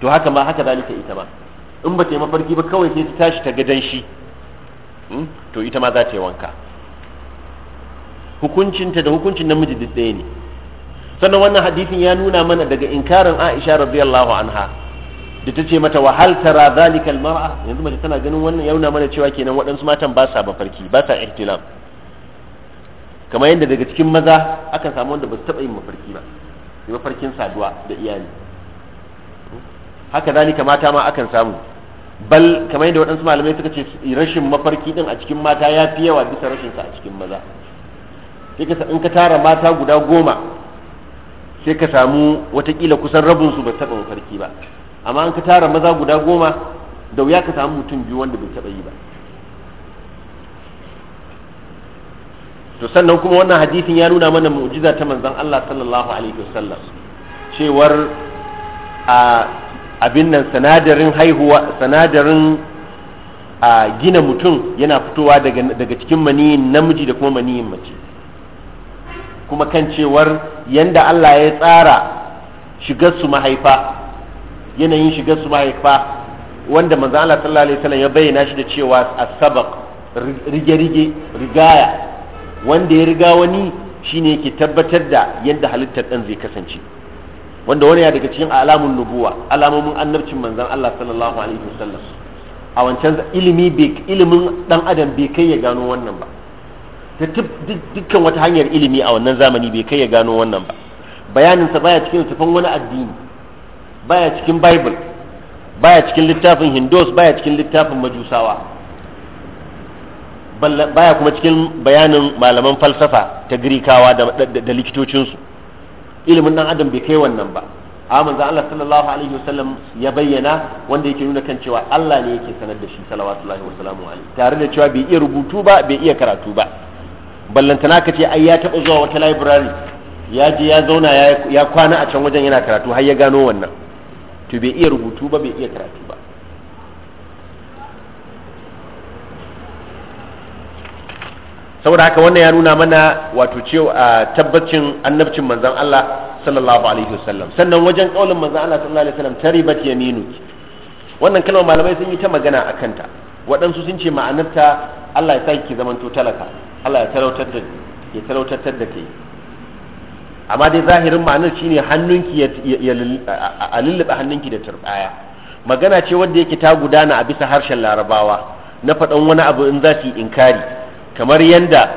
B: to haka ma haka zalika ita ma in ba ta yi mafarki ba kawai sai ta tashi ta gadan shi hmm? to ita ma za ta yi wanka hukuncinta da hukuncin namiji duk ɗaya ne sannan wannan hadisin ya nuna mana daga inkarin Aisha radiyallahu anha da ta ce mata wahal tara zalikal mar'a yanzu mace tana ganin wannan ya nuna mana cewa kenan waɗansu matan ba sa mafarki ba sa ihtilam kamar yadda daga cikin maza akan samu wanda ba su taɓa yin mafarki ba yi mafarkin saduwa da iyali haka zalika mata ma akan samu bal kamar yadda waɗansu malamai suka ce rashin mafarki din a cikin mata ya fi yawa bisa rashin sa a cikin maza sai in ka tara mata guda goma sai ka samu watakila kusan rabinsu ba taɓa mafarki ba amma in ka tara maza guda goma da wuya ka samu mutum biyu wanda bai taɓa yi ba to sannan kuma wannan hadisin ya nuna mana mu'jiza ta manzon Allah sallallahu alaihi wasallam cewar a abin nan sanadarin haihuwa sanadarin a gina mutum yana fitowa daga cikin maniyin namiji da kuma maniyin mace kuma kan cewar yanda Allah ya tsara shigar su mahaifa yanayin shigar su mahaifa wanda manzo Allah sallallahu alaihi wasallam ya bayyana shi da cewa as-sabaq rige-rige rigaya wanda ya riga wani shine yake tabbatar da yadda halittar dan zai kasance wanda wani ya daga cikin alamun nubuwa alamomin annabcin manzon Allah sallallahu alaihi wasallam a wancan ilimi ilimin dan adam bai kai ya gano wannan ba ta dukkan wata hanyar ilimi a wannan zamani bai kai ya gano wannan ba bayaninsa baya cikin littafin wani addini baya cikin bible baya cikin littafin hindus baya cikin littafin majusawa baya kuma cikin bayanin malaman falsafa ta girikawa da likitocinsu ilimin dan adam bai kai wannan ba amma manzon Allah sallallahu alaihi wasallam ya bayyana wanda yake nuna kan cewa Allah ne yake sanar da shi sallallahu alaihi wasallam tare da cewa bai iya rubutu ba bai iya karatu ba ballantana ka ce ai ya taɓa zuwa wata library ya je ya zauna ya kwana a can wajen yana karatu har ya gano wannan to bai iya rubutu ba bai iya karatu ba saboda haka wannan ya nuna mana wato cewa tabbacin annabcin manzan Allah sallallahu alaihi wasallam sannan wajen kaulin manzan Allah sallallahu alaihi wasallam bat yaminu wannan kalmar malamai sun yi ta magana akan ta waɗansu sun ce ma'anarta Allah ya saki zamanto talaka Allah ya talautar da ya amma dai zahirin ma'anar shine hannunki a lullube hannunki da turbaya magana ce wadda yake ta gudana a bisa harshen larabawa na faɗan wani abu in za su yi inkari kamar yanda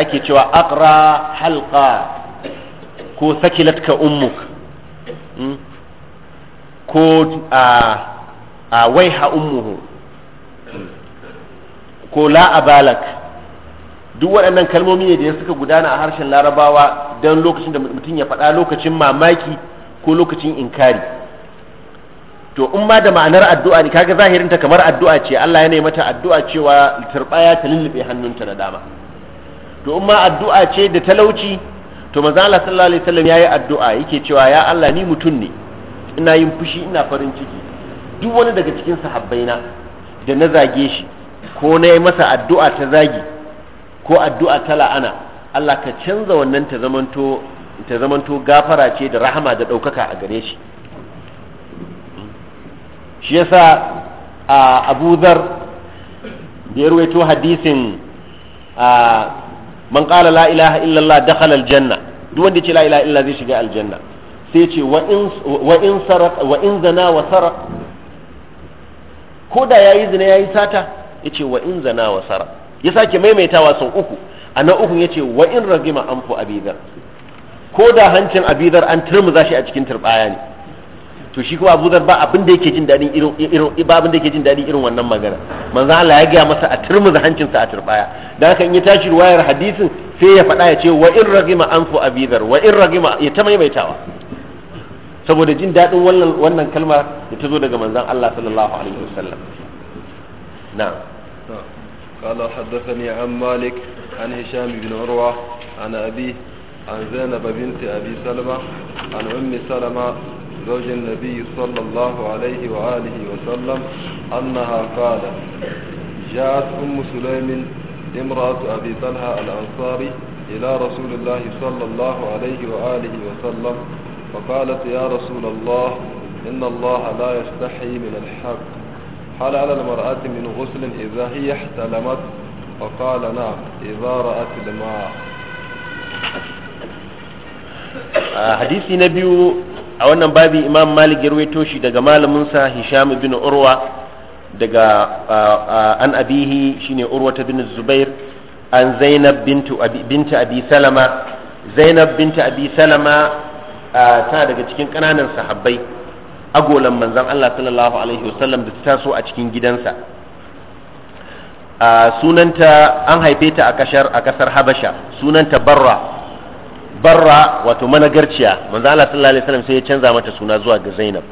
B: ake cewa aqra halqa ko sakilat ka ummuk hmm? ko a waiha ummuhu ko la abalak duk waɗannan kalmomi ne da ya suka gudana a harshen larabawa don lokacin da mutum ya faɗa lokacin mamaki ko lokacin inkari to in ma da ma'anar addu'a ne kaga ta kamar addu'a ce Allah ya nemi mata addu'a cewa turbaya ta lullube hannunta na dama to in ma addu'a ce da talauci to manzo Allah sallallahu alaihi wasallam yayi addu'a yake cewa ya Allah ni mutum ne ina yin fushi ina farin ciki duk wani daga cikin sahabbaina da na zage shi ko na yi masa addu'a ta zagi ko addu'a ta la'ana Allah ka canza wannan ta zamanto gafara ce da rahama da ɗaukaka a gare shi shi yasa a Abu da ya ruwaito hadisin a man ƙala la'ilaha ilaha illallah halal aljanna duk wanda ce la'ilaha illallah zai shiga aljanna sai ce wa in zana wa sara? ko da ya yi zina ya yi sata yace wa in zana wa sara ya sake maimaitawa sau uku a na ukun yace wa in ragima anfu abidar ko da hancin abidar an turmuza shi a cikin turbaya ne to shi kuma abudar ba abin da yake jin daɗin irin irin ba abin da yake jin dadin irin wannan magana manzo Allah ya ga masa a turmuza sa a turbaya dan haka in ya tashi ruwayar hadisin sai ya faɗa ya ce wa in ragima anfu abidar wa in ragima ya ta maimaitawa saboda jin daɗin wannan kalmar da ta zo daga manzon Allah sallallahu alaihi wasallam na'am
A: قال حدثني عن مالك عن هشام بن عروة عن أبيه عن زينب بنت أبي سلمة عن أم سلمة زوج النبي صلى الله عليه وآله وسلم أنها قالت جاءت أم سليم امرأة أبي طلحة الأنصاري إلى رسول الله صلى الله عليه وآله وسلم فقالت يا رسول الله إن الله لا يستحي من الحق هل على المرأة من غسل إذا هي احتلمت فقال نعم إذا رأت الماء hadisi
B: na biyu a wannan babi imam malik ya rawaito shi daga malaminsa hisham bin urwa daga an abihi shine urwa ta bin zubair an zainab bintu abi binta abi zainab binta abi salama daga cikin kananan sahabbai agolan manzon Allah sallallahu alaihi wasallam da ta taso a cikin gidansa sunanta an haife ta a kashar a kasar Habasha sunanta Barra Barra wato managarciya manzon Allah sallallahu alaihi wasallam sai ya canza mata suna zuwa ga Zainab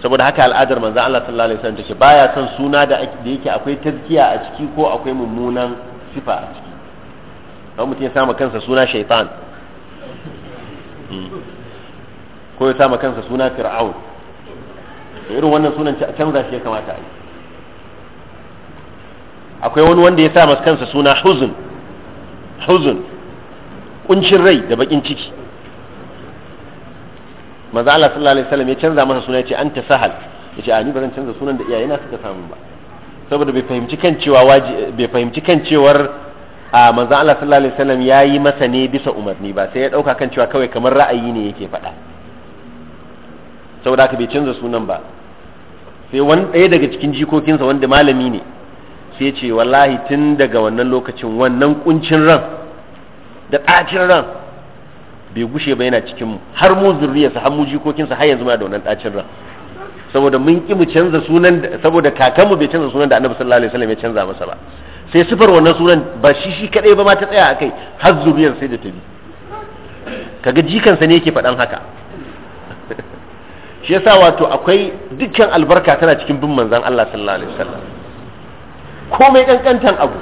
B: saboda haka al'adar manzon Allah sallallahu alaihi wasallam take baya son suna da yake akwai tazkiya a ciki ko akwai mummunan sifa a ciki don mutum ya sama kansa suna shaitan hmm. ko ya sama kansa suna fir'aun da irin wannan sunan canza shi ya kamata a yi akwai wani wanda ya sa masa kansa suna huzun huzun kuncin rai da bakin ciki maza Allah sallallahu alaihi wasallam ya canza masa suna yace anta sahal yace a ni ba zan canza sunan da iyayena suka samu ba saboda bai fahimci kan cewa bai fahimci kan cewar a manzo Allah sallallahu alaihi wasallam yayi masa ne bisa umarni ba sai ya dauka kan cewa kawai kamar ra'ayi ne yake faɗa saboda haka bai canza sunan ba sai wani ɗaya daga cikin jikokinsa wanda malami ne sai ce wallahi tun daga wannan lokacin wannan kuncin ran da ɗacin ran bai gushe ba yana cikin har mu zurriyarsa har mu jikokinsa har yanzu muna da wannan ɗacin ran saboda mun ki mu canza sunan saboda kakanmu bai canza sunan da annabi sallallahu alaihi wasallam ya canza masa ba sai sifar wannan sunan ba shi shi kadai ba ma ta tsaya akai har zuriyar sai da ta bi kaga jikansa ne yake faɗan haka shi yasa wato akwai dukkan albarka tana cikin bin manzan Allah sallallahu alaihi wasallam komai kankantan abu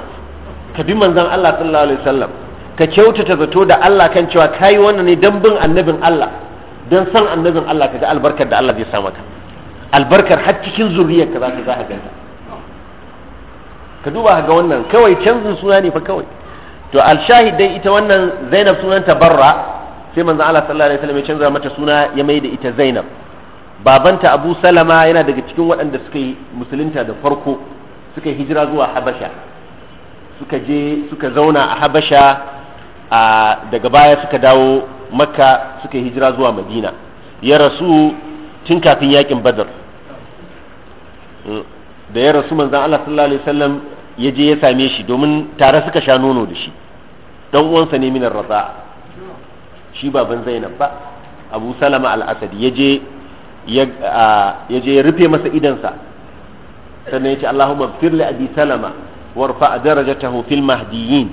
B: ka bi manzan Allah sallallahu alaihi wasallam ka kyautata zato da Allah kan cewa kai wannan ne dan bin annabin Allah dan san annabin Allah kaga albarkar da Allah zai sa maka albarkar har cikin zuriyar ka za ka ganta ka duba ga wannan kawai canzin suna ne fa kawai to al dai ita wannan Zainab sunanta Barra sai manzan Allah sallallahu alaihi wasallam ya canza mata suna ya mai da ita Zainab babanta abu salama yana daga cikin waɗanda suka yi musulunta da farko suka hijira zuwa habasha suka je suka zauna a habasha a daga baya suka dawo makka suka hijira zuwa madina ya rasu tun kafin yakin badar mm. da ya rasu manzan allah sallallahu alaihi wasallam ya je ya same shi domin tare suka sha nono da shi dan uwansa ne minar raza shi baban zainab ba abu salama al-asadi ya je ya je ya rufe masa idansa sannan ya ce Allahumma fir li abi salama warfa darajatahu fil mahdiyyin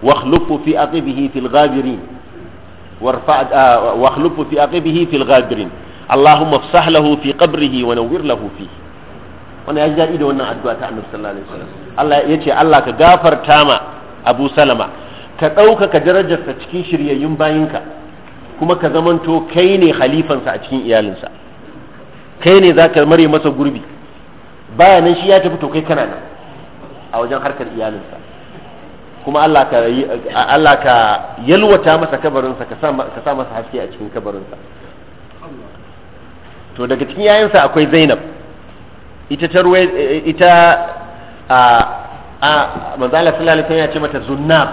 B: wannan ya ji daɗi da wannan addu'a ta annabi sallallahu alaihi wasallam Allah ya ce Allah ka gafarta ma Abu Salama ka ɗaukaka darajarsa cikin shiryayyun bayinka kuma ka zamanto kai ne khalifansa a cikin iyalinsa kai ne za ka mare masa gurbi baya nan shi ya tafi to kai kana nan a wajen harkar iyalinsa kuma Allah ka yalwata masa kabarinsa ka sa masa haske a cikin kabarinsa to daga cikin yayansa akwai Zainab ita ta ita a a manzala sallallahu alaihi wasallam ya ce mata zunnab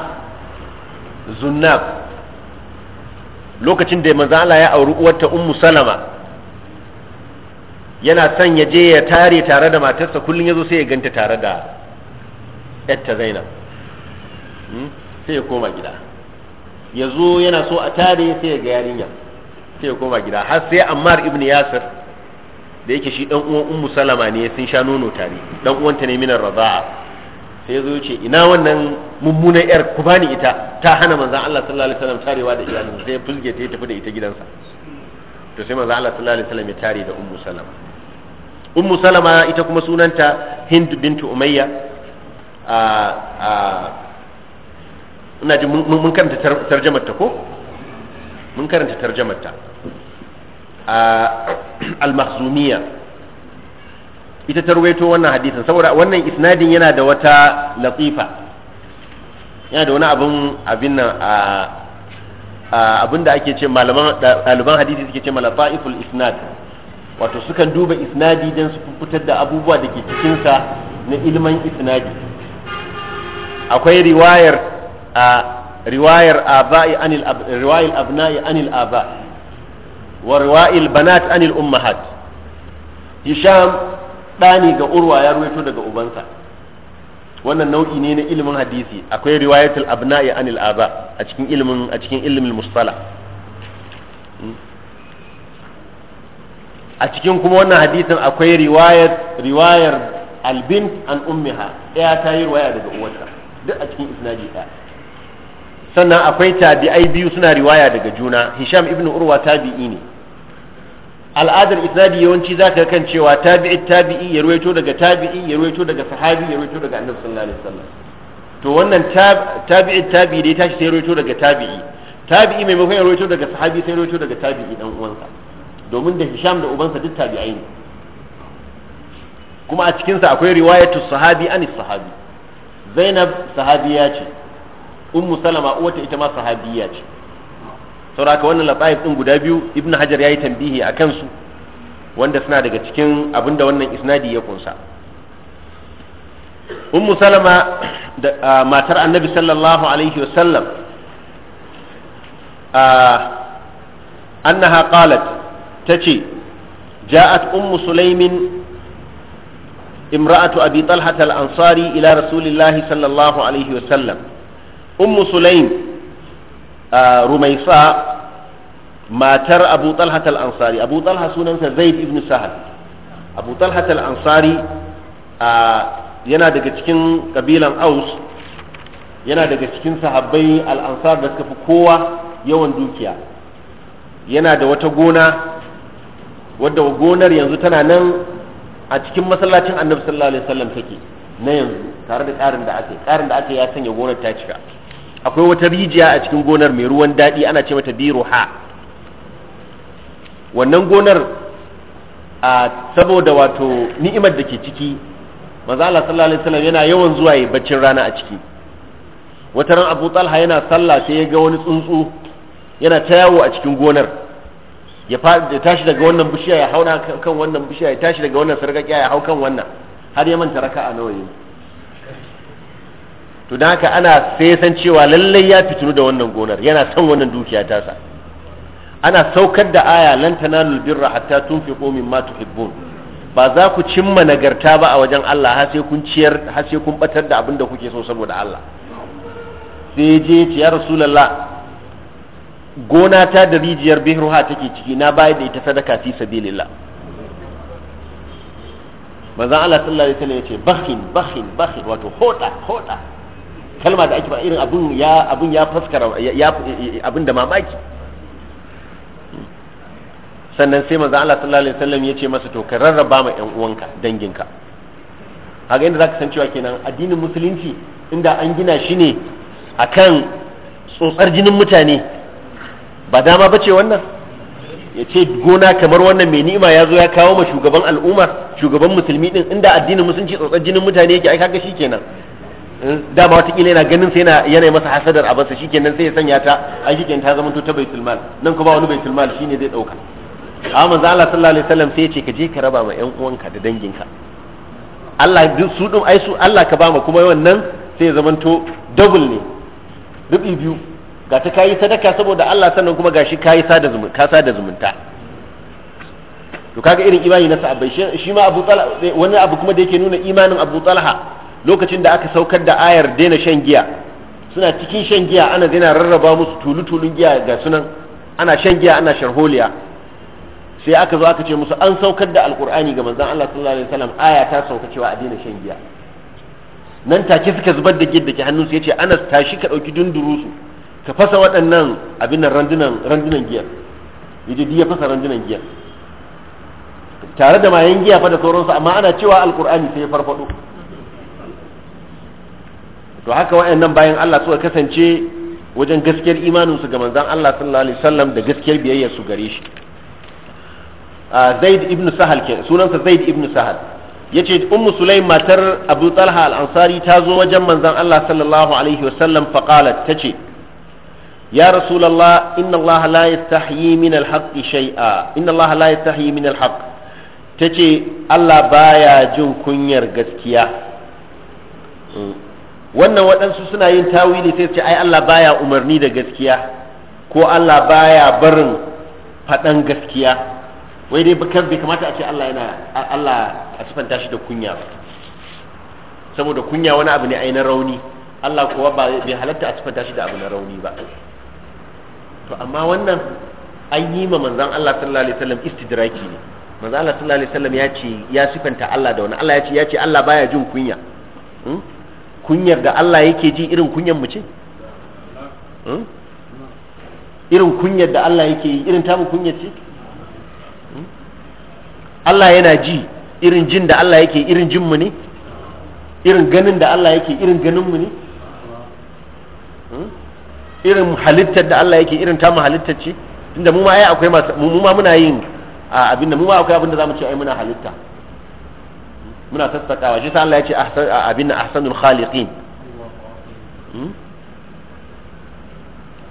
B: zunnab lokacin da manzo Allah ya auri uwarta ummu salama yana son ya je ya tare tare da matarsa kullun yazo sai ya ganta tare da yatta Zainab hmm? sai ya koma gida ya zo yana so a tare sai ya ga yarinya sai ya koma gida har sai Ammar ibn Yasir da yake shi dan uwan ummu salama ne sun sha nono tare dan uwanta ne minar raza'a sai ya zo ce ina wannan mummunan yar ku bani ita ta hana manzan Allah sallallahu alaihi wasallam tarewa da iyalin sai ya fulge ta ya tafi da ita gidansa to sai manzan Allah sallallahu alaihi wasallam ya tare da ummu salama ummu salama ita kuma sunanta hind bintu umayya a a ina ji mun karanta tarjamar ta ko mun karanta tarjamar ta al-makhzumiyya ita ta ruwaito wannan hadisin saboda wannan isnadin yana da wata latifa yana da wani abin abin nan a abin da ake ce malaman ɗaliban hadisi suke ce malataiful isnad wato sukan duba isnadi don su fitar da abubuwa da ke cikinsa na ilman isnadi akwai riwayar a riwayar aba'i anil riwayar abna'i anil aba wa riwayar banat anil ummahat hisham ɗani ga urwa ya ruwaito daga ubansa wannan nau'i ne na ilimin hadisi akwai riwayatul abna'i anil aba a cikin ilimin a cikin ilimin mustala hmm. a cikin kuma wannan hadisin akwai riwayar riwayar albin an ummiha ɗaya ta yi riwaya daga uwarta duk a cikin isnadi ɗaya sannan akwai tabi'ai biyu suna riwaya daga juna hisham ibn urwa tabi'i ne al'adar isnadi yawanci za ka kan cewa tabi'i tabi'i ya ruwaito daga tabi'i ya ruwaito daga sahabi ya ruwaito daga annabi sallallahu alaihi wasallam to wannan tabi'i tabi'i dai tashi sai ruwaito daga tabi'i tabi'i mai maimakon ya ruwaito daga sahabi sai ruwaito daga tabi'i dan uwansa domin da Hisham da ubansa duk tabi'ai ne kuma a cikinsa akwai riwayatu sahabi an sahabi Zainab sahabiya ce Ummu Salama uwata ita ma sahabiya ce saboda haka wannan lataif din guda biyu Ibn hajar ya yi tambihi a kansu wanda suna daga cikin abinda wannan isnadi ya kunsa ummu salama da matar annabi sallallahu alaihi wasallam annaha qalat ce ja'at ummu sulaimin امرأة أبي طلحة الأنصاري ansari ila الله sallallahu alaihi عليه وسلم أم سليم rumaisa matar abu talhat al-ansari abu talha sunansa zaid ibn sahal abu talhat al-ansari yana daga cikin kabilan aus yana daga cikin sahabbai al-ansar da suka fi kowa yawan dukiya yana da wata gona wadda gonar yanzu tana nan a cikin masallacin annabi sallallahu alaihi wasallam take na yanzu tare da ƙarin da aka ƙarin da aka ya sanya gonar ta cika akwai wata rijiya a cikin gonar mai ruwan daɗi ana ce mata ha. wannan gonar a saboda wato ni'imar da ke ciki maza Allah sallallahu alaihi wasallam yana yawan zuwa yi baccin rana a ciki wata ran Abu Talha yana sallah sai ya ga wani tsuntsu yana ta yawo a cikin gonar ya tashi daga wannan bishiya ya hauna kan wannan bishiya ya tashi daga wannan sarƙaƙiya ya hau kan wannan har ya manta raka'a nawa ne to don haka ana sai san cewa lallai ya fitinu da wannan gonar yana son wannan dukiya sa ana saukar da aya lan tanalul birra hatta tunfiqu mimma tuhibbun ba za ku cimma nagarta ba a wajen Allah har sai kun ciyar har sai kun batar da abin da kuke so saboda Allah sai je ya rasulullah gona ta da rijiyar bihruha take ciki na bayar da ita sadaka fi sabilillah manzon Allah sallallahu alaihi wasallam ya ce bakhin bakhin bakhin wato hoda hoda kalma da ake ba irin abun ya abun ya faskara ya abun da mamaki sannan sai manzo Allah sallallahu alaihi wasallam ya ce masa to ka rarraba ma ƴan uwanka danginka kaga inda zaka san cewa kenan addinin musulunci inda an gina shi ne akan tsotsar jinin mutane ba dama bace wannan ya ce gona kamar wannan mai ni'ima ya zo ya kawo ma shugaban al'umma shugaban musulmi din inda addinin musulunci tsotsar jinin mutane yake ai kaga kenan dama watakila yana ganin sai yana yana masa hasadar a basa shikenan sai ya sanya ta a shikenan ta zama to ta baitul mal nan ko ba wani baitul mal shine zai dauka amma manzo Allah sallallahu alaihi wasallam sai ya ce ka je ka raba ma ƴan uwanka da danginka Allah duk su dum ai su Allah ka ba ma kuma wannan sai ya zamanto double ne rubi biyu ga ta kayi sadaka saboda Allah sannan kuma gashi kayi sada zumunta ka sada zumunta to kaga irin imani na sahabbai shi ma Abu Talha wani abu kuma da yake nuna imanin Abu Talha lokacin da aka saukar da ayar daina shan giya suna cikin shan giya ana daina rarraba musu tulu-tulun giya ga sunan ana shan giya ana sharholiya sai aka zo aka ce musu an saukar da alkur'ani ga manzon Allah sallallahu alaihi wasallam aya ta sauka cewa a daina shan giya nan take suka zubar da gid da ke hannunsu yace Anas tashi ka dauki su ka fasa waɗannan abin nan randunan randunan giyar yaje ya fasa randunan giyar tare da mayan giya fa da sauransu amma ana cewa alkur'ani sai ya farfado to haka waɗannan bayan Allah suka kasance wajen gaskiyar imaninsu ga manzan Allah sallallahu alaihi wasallam da gaskiyar biyayyar su gare shi Zaid ibn Sahal ke sunansa Zaid ibn Sahal yace Ummu Sulaim matar Abu Talha al-Ansari ta zo wajen manzan Allah sallallahu alaihi wasallam fa qalat tace يا رسول الله إن الله لا يستحيي من الحق شيئا allah الله لا يستحيي من الحق تجي الله بايا جن كنير قسكيا wannan waɗansu suna yin tawili sai ce ai Allah baya umarni da gaskiya ko Allah baya barin faɗan gaskiya wai dai bakar bai kamata a ce Allah yana Allah a sifanta shi da kunya saboda kunya wani abu ne ai na rauni Allah kuwa ba bai halatta a sifanta shi da abu na rauni ba to amma wannan an yi ma manzon Allah sallallahu alaihi wasallam istidraki ne manzon Allah sallallahu alaihi wasallam ya ce ya sifanta Allah da wani Allah ya ce ya ce Allah baya jin kunya hmm? kunyar da Allah yake ji irin kunyar mu ce hmm? irin kunyar da Allah yake yi irin tamu kunyar ce hmm? Allah yana ji irin jin da Allah yake irin jin mu ne irin ganin da Allah yake irin ganin mu ne hmm? irin halittar da Allah yake irin tamu halittar ce tunda mu ma ai akwai mu ma muna yin abinda mu ma akwai abinda zamu ce ai muna halitta muna sassakawa shi Allah ya ce abin na ahsanul khaliqin hmm?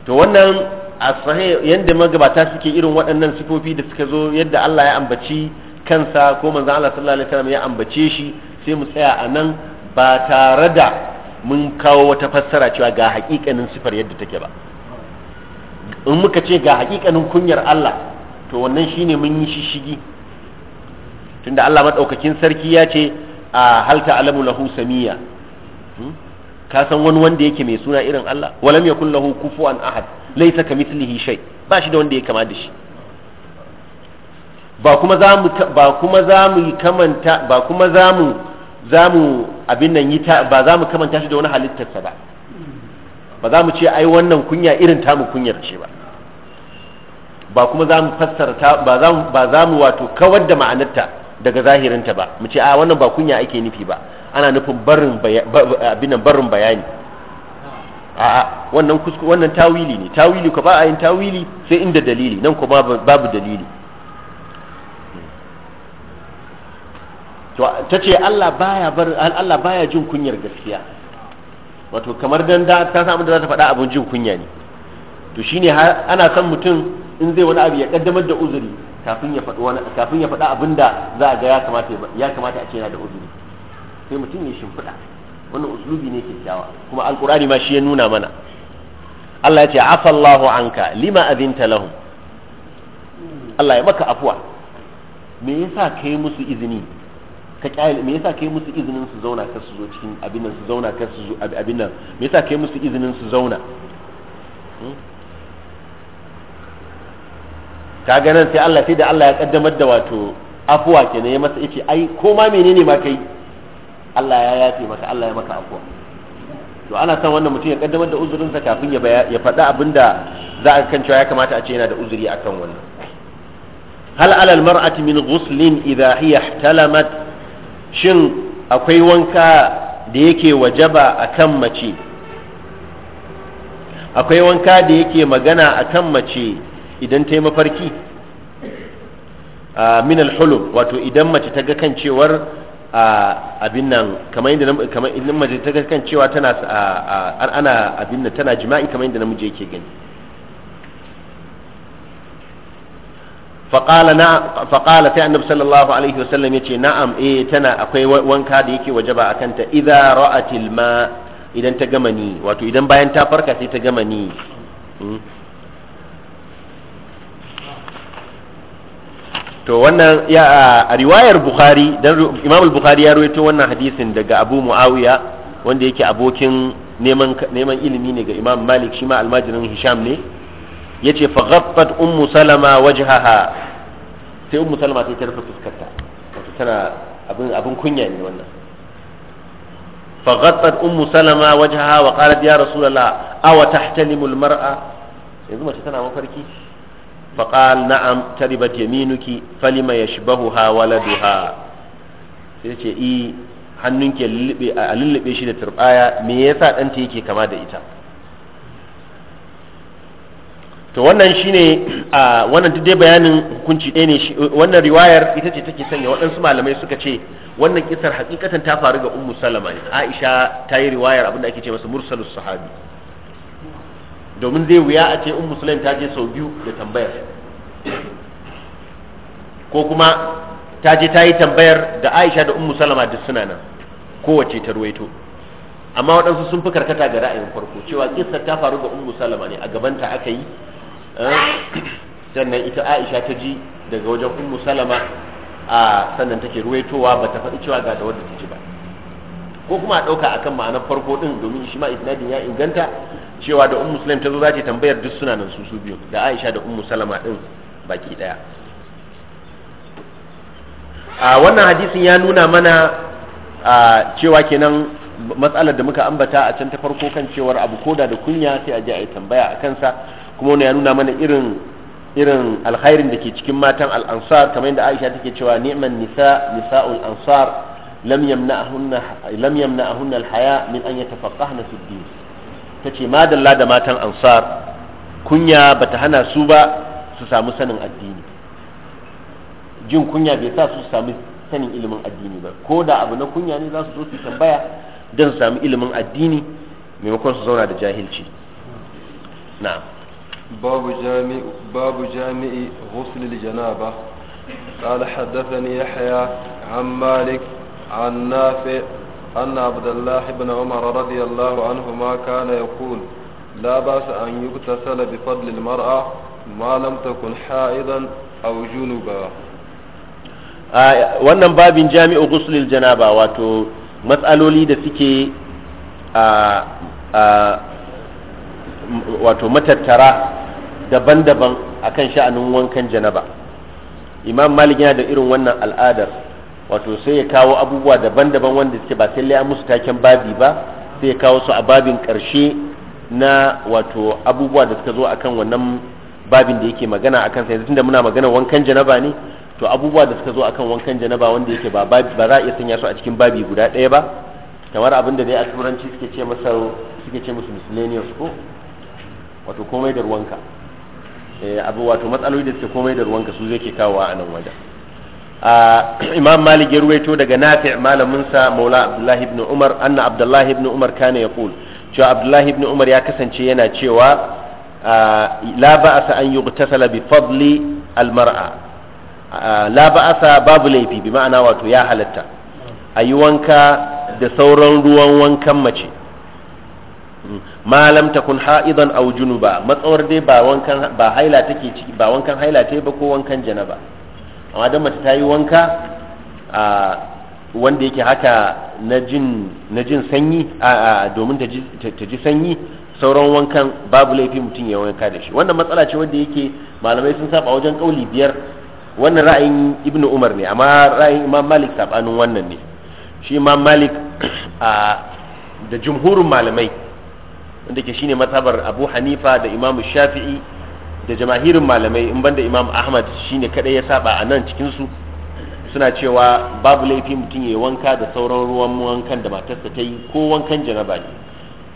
B: to wannan a sahi yadda magabata suke irin waɗannan sifofi da suka zo yadda Allah ya ambaci kansa ko manzon Allah sallallahu alaihi wasallam ya ambace shi sai mu tsaya a nan ba tare da mun kawo wata fassara cewa ga haƙiƙanin sifar yadda take ba in muka ce ga haƙiƙanin kunyar Allah to wannan shine mun yi shishigi tunda Allah madaukakin sarki ya ce a halta alamu lahu samiya hmm? ka san wani wanda yake mai suna irin Allah walam yakul lahu kufuwan ahad laysa kamithlihi shay ba shi da wanda ya kama da shi ba kuma za mu ba kuma za mu kamanta ba kuma za mu za mu abin nan yi ta ba za mu kamanta shi da wani halittarsa ba ba za mu ce ai wannan kunya irin mu kunyar ce ba ba kuma za mu fassara ta ba za mu wato kawar da ma'anarta daga zahirinta ba mu ce a wannan ba kunya ake nufi ba ana nufin barin abinan barin bayani a wannan kusku wannan tawili ne tawili ko ba a yin tawili sai inda dalili nan ko babu dalili to ta ce Allah baya bar Allah baya jin kunyar gaskiya wato kamar dan da ta samu da za ta faɗa abun jin kunya ne to shine ana son mutum in zai wani abu ya kaddamar da uzuri kafin ya faɗi wani kafin ya faɗi abinda za a ga ya kamata ya kamata a ce yana da uzuri sai mutum ya shimfiɗa wannan uslubi ne kyakkyawa kuma alqur'ani ma shi ya nuna mana Allah ya ce afallahu anka lima azinta lahum Allah ya maka afuwa me yasa kai musu izini ka kyal me yasa kai musu izinin su zauna kar su zo cikin abin nan su zauna kar su abin nan me yasa kai musu izinin su zauna hmm? ka ganin sai Allah sai da Allah ya kaddamar da wato afuwa kenan ya masa yace ai ko ma menene ma kai Allah ya yafe maka Allah ya maka afuwa to ana son wannan mutum ya kaddamar da uzurinsa kafin ya ya faɗa abinda za a kan cewa ya kamata a ce yana da uzuri akan wannan hal alal mar'ati min ghuslin idha hiya ihtalamat shin akwai wanka da yake wajaba akan mace akwai wanka da yake magana akan mace idan ta yi mafarki ah, min alhulum wato idan mace ta ga kan cewar ah, abin nan kamar yadda kamar idan mace ta ga kan cewa tana a ah, ana abin nan tana jima'i kamar yadda namiji yake gani faƙala na faƙala ta annabi sallallahu alaihi wa sallam yace na'am eh tana akwai wanka da yake wajaba akan ta idza ra'atil ma idan ta gama ni wato idan bayan ta farka sai ta gama ni hmm? to wannan ya a riwayar bukhari dan imam al-bukhari ya rawaito wannan hadisin daga abu muawiya wanda yake abokin neman neman ilimi ne ga imam malik shi ma almajirin hisham ne yace fa ghaffat ummu salama wajhaha sai ummu salama sai ta rufe fuskarta wato tana abin abin kunya ne wannan fa ghaffat ummu salama wajhaha wa qalat ya rasulullah aw tahtalimul mara yanzu mace tana mafarki na'am فقال نعم تربت يمينك فلما يشبهها ولدها سيتي إي hannunki a lullube shi da turbaya me yasa ɗanta yake kama da ita to wannan shine a wannan bayanin hukunci ɗaya ne wannan riwayar ita ce take sanya waɗansu malamai suka ce wannan kisar hakikatan ta faru ga ummu salama aisha ta yi riwayar abinda ake ce masa mursalus sahabi domin zai wuya a ce in musulun ta je sau biyu da tambayar ko kuma ta je ta yi tambayar da aisha da ummu salama duk suna nan kowace ta ruwaito amma waɗansu sun fi karkata ga ra'ayin farko cewa kisar ta faru ga ummu salama ne a gabanta aka yi eh, sannan ita aisha ta ji daga wajen ummu salama a sannan take ruwaitowa ba ta faɗi cewa ga da wadda ta ji ba ko kuma a ɗauka akan ma'anar farko ɗin domin shi ma isnadin ya inganta cewa da ummu sulaim ta zo za ta tambayar duk suna nan su su biyu da aisha da ummu salama din baki daya a wannan hadisin ya nuna mana a cewa kenan matsalar da muka ambata a can ta farko kan cewar abu koda da kunya sai a je a yi tambaya a kansa kuma wannan ya nuna mana irin irin alkhairin da ke cikin matan al-ansar kamar yadda aisha take cewa ni'man nisa nisa'ul ansar lam yamna'ahunna lam yamna'ahunna haya min an yatafaqqahna fi din ta ce madalla da matan ansar kunya bata hana su ba su samu sanin addini jin kunya bai sa su samu sanin ilimin addini ba ko da abu na kunya
A: ne za su zo su tambaya
B: don su samu ilimin addini maimakon su zauna da jahilci
A: na'am babu jami'i babu jami'i ba janaba قال حدثني يحيى عن مالك عن نافع أن عبد الله بن عمر رضي الله عنهما كان يقول لا بأس أن يغتسل بفضل المرأة ما لم تكن حائضا أو جنبا
B: wannan babin jami'u ghuslil janaba wato matsaloli da suke wato matattara daban-daban akan sha'anin wankan janaba imam malik yana da irin wannan al'adar wato sai ya kawo abubuwa daban-daban wanda suke ba sai an musu taken babi ba sai ya kawo su a babin karshe na wato abubuwa da suka zo akan wannan babin da yake magana akan sai tunda muna magana wankan janaba ne to abubuwa da suka zo akan wankan janaba wanda yake ba babi ba za a iya sanya su a cikin babi guda ɗaya ba kamar abin da dai a turanci suke ce masa suke ce musu miscellaneous ko wato komai da ruwanka eh abu wato matsaloli da suke komai da ruwanka su zai ke kawo a nan wajen imam malik ya ruwaito daga nafi' malamin sa maula abdullahi ibn umar anna abdullahi ibn umar kana yaqul cewa abdullahi ibn umar ya kasance yana cewa la ba'asa an yughtasala bi fadli al mar'a la ba'asa babu laifi bi ma'ana wato ya halatta ayi wanka da sauran ruwan wankan mace ma lam takun ha'idan aw junuba matsawar dai ba wankan ba haila take ciki ba wankan haila ce ba ko wankan janaba amma dan mace ta yi wanka a wanda yake haka na jin sanyi a domin ta ji sanyi sauran wankan babu laifi mutum ya wanka da shi wannan matsala ce wanda yake malamai sun saba wajen kauli biyar wannan ra'ayin ibnu umar ne amma ra'ayin imam malik sabanin wannan ne shi imam malik a da jumhurin malamai wanda ke shine matsabar abu hanifa da imam shafi'i da jamahirin malamai in banda imam ahmad shine kadai ya saba a nan cikinsu suna cewa babu laifi mutum ya yi wanka da sauran ruwan wankan da matarsa ta yi ko wankan janaba ne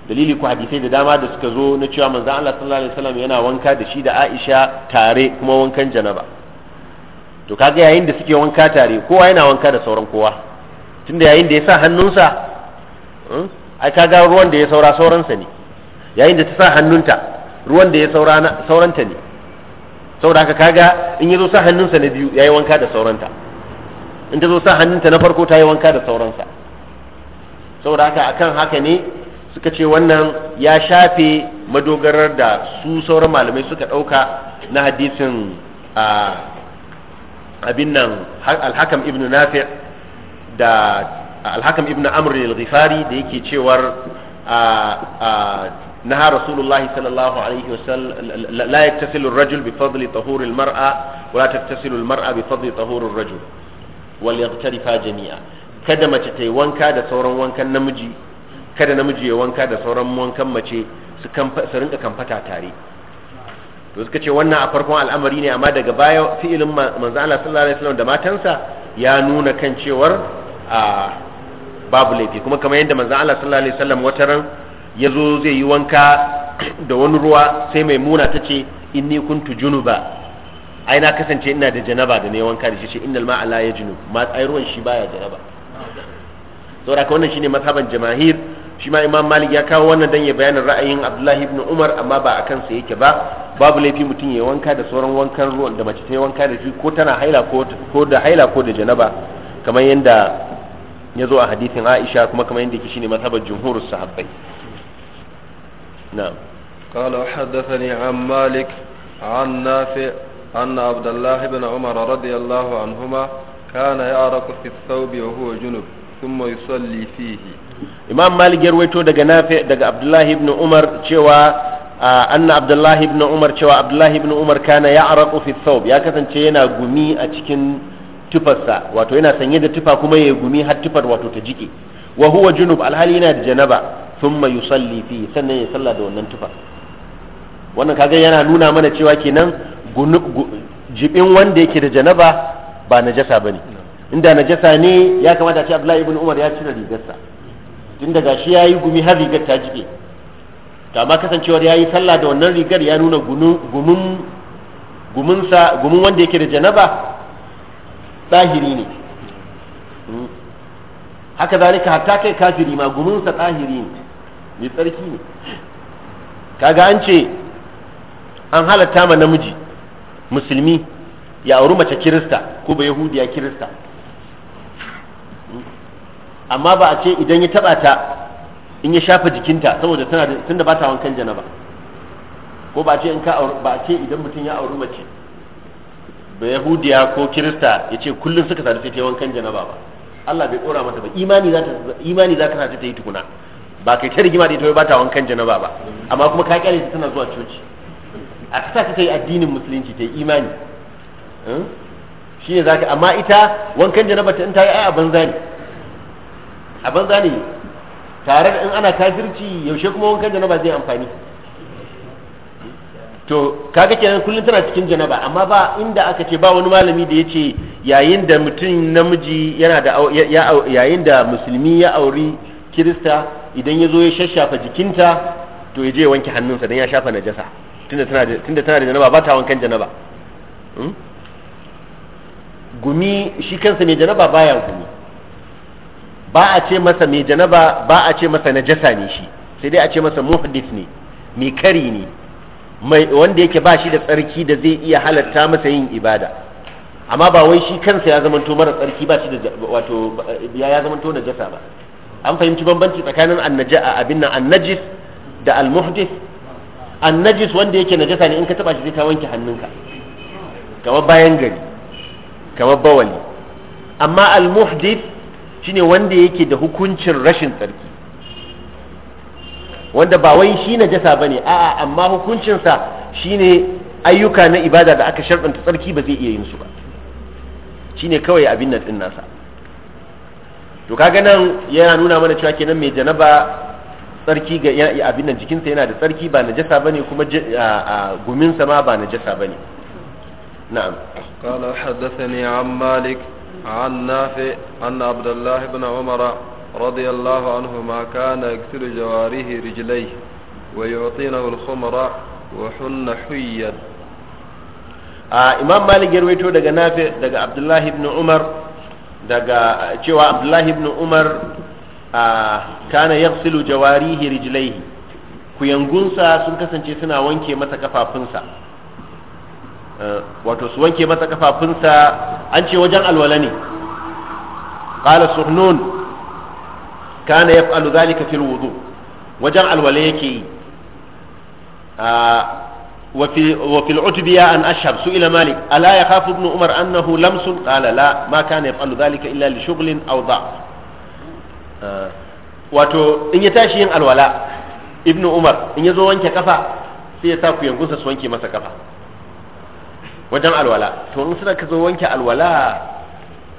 B: dalili ko hadisai da dama da suka zo na cewa manzon Allah sallallahu alaihi wasallam yana wanka da shi da Aisha tare kuma wankan janaba to kaga yayin da suke wanka tare kowa yana wanka da sauran kowa tunda yayin da ya sa hannunsa hmm, ai kaga ruwan da ya saura sauransa ne yayin da ta sa hannunta ruwan da ya sauranta ne saboda haka kaga in ya zo sa hannunsa na biyu yayi wanka da sauranta in ta zo sa hannunta na farko ta yi wanka da sauransa saboda haka akan haka ne suka ce wannan ya shafe madogarar da su sauran malamai suka ɗauka na hadisin abin nan alhakam ibn nafi da alhakam ibn amr al-ghifari da yake cewar نهى رسول الله صلى الله عليه وسلم لا يتصل الرجل بفضل طهور المرأة ولا تتصل المرأة بفضل طهور الرجل وليغترفا جميعا kada mace ta yi wanka da sauran wankan namiji kada namiji ya wanka da sauran wankan mace su rinka kamfata tare to suka ce wannan a farkon al'amari ne amma daga baya fi'ilin manzo Allah sallallahu alaihi wasallam da matansa ya nuna kan cewar babu laifi kuma kamar yadda manzo Allah sallallahu alaihi wasallam wata ran ya zo zai yi wanka da wani ruwa sai mai muna ta ce in ni kuntu junuba ai na kasance ina da janaba da ne wanka da shi ce innal ma'a la yajnu ma ai ruwan shi baya janaba saboda ka wannan shine mazhaban jamaahir shi ma imam malik ya kawo wannan dan ya bayana ra'ayin abdullahi ibn umar amma ba akan sa yake ba babu laifi mutum ya wanka da sauran wankan ruwan da mace ta yi wanka da shi ko tana haila ko da haila ko da janaba kamar yadda ya zo a hadisin aisha kuma kamar yadda yake shine mazhaban jumhurus sahabbai نعم
A: قال حدثني عن مالك عن نافع أن عبد الله بن عمر رضي الله عنهما كان يعرق في الثوب وهو جنب ثم يصلي فيه إمام مالك يرويته دقى نافع دقى عبد الله بن عمر شوى
B: أن عبد الله بن عمر شوى عبد الله بن عمر كان يعرق في الثوب يا كثن شينا gumi a cikin tufarsa wato yana sanye da tufa kuma ya gumi har tufar wato ta jike wa huwa junub alhali yana janaba thumma yusalli fi sannan ya salla da wannan tufa wannan kaga yana nuna mana cewa kenan jibin wanda yake da janaba ba najasa bane inda najasa ne ya kamata ce Abdullahi ibn Umar ya cire rigarsa tun daga shi yayi gumi har rigar ta jike to amma kasancewar yayi sallah da wannan rigar ya nuna gumin guminsa gumin wanda yake da janaba tsahiri ne hmm. haka zalika hatta kai kafiri ma guminsa tsahiri ne mai tsarki ne kaga an ce an halatta ma namiji musulmi ya auri mace kirista ko ba yahudiya kirista amma ba a ce idan ya taba ta in ya shafa jikinta saboda tana tunda ba ta wankan janaba ko ba a ce in ka ba a ce idan mutum ya auri mace ba yahudiya ko kirista ya ce kullum suka sadu sai ta wankan janaba ba Allah bai kora mata ba imani za ta imani za ta ta yi tukuna ba kai ta rigima da ita ba ta wankan janaba ba amma kuma ka kyale ta tana zuwa coci a kasa ta yi addinin musulunci ta yi imani hmm? shi ne zaka amma ita wankan janaba ta in ta yi ai a banza ne a tare da in ana kafirci yaushe kuma wankan janaba zai amfani to kaga kenan kullum tana cikin janaba amma ba inda aka ce ba wani malami da ya ce yayin da mutum namiji yana da yayin da musulmi ya auri kirista idan ya zo ya shashafa jikinta to ya je ya wanke hannunsa don ya shafa na jasa. tunda tana da janaba ba ta wankan janaba hmm? gumi shi kansa mai janaba ya gumi ba a ce masa mai janaba ba a ce masa na jasa ne shi sai dai a ce masa muhdis ne mai kari ne wanda yake ba shi da tsarki da zai iya halatta masa yin ibada amma ba wai shi kansa ya zamanto mara tsarki ba shi da wato ya zamanto jasa ba an fahimci bambanci tsakanin annaja a abin nan annajis da almuhdis annajis wanda yake najasa ne in ka taba shi sai ka wanke hannunka kamar bayan gari kamar bawali amma almuhdis shine wanda yake da hukuncin rashin tsarki wanda ba wai shi najasa bane a'a amma hukuncinsa shine ayyuka na ibada da aka sharɗanta tsarki ba zai iya yin su ba shine kawai abin nan din nasa to kaga nan yana nuna mana cewa kenan mai janaba tsarki ga ya abin nan jikinsa yana da tsarki ba najasa
A: bane kuma guminsa ma ba najasa bane na'am qala hadathani an malik an nafi an abdullah ibn umar radiyallahu anhuma kana yaktiru jawarihi rijlai wa yu'tina al-khumra wa hunna a imam malik ya
B: daga nafi daga abdullah ibn umar daga cewa abdullahi ibn umar kana ya yaghsilu jawarihi ku kuyangunsa sun kasance suna wanke masa kafafunsa wato su wanke masa kafafunsa an ce wajen alwala ne qala suhnun kana ya fi alu zalika fil wudu wajen alwala yake yi وفي وفي العتبية عن أشهب سئل مالك ألا يخاف ابن عمر أنه لمس قال لا ما كان يفعل ذلك إلا لشغل أو ضعف آه. واتو إن يتاشين الولاء ابن عمر إن يزو وانك كفا سيتاكو ينقص سوانك مسا كفا وجمع الولاء تو إن سنة كزو وانك الولاء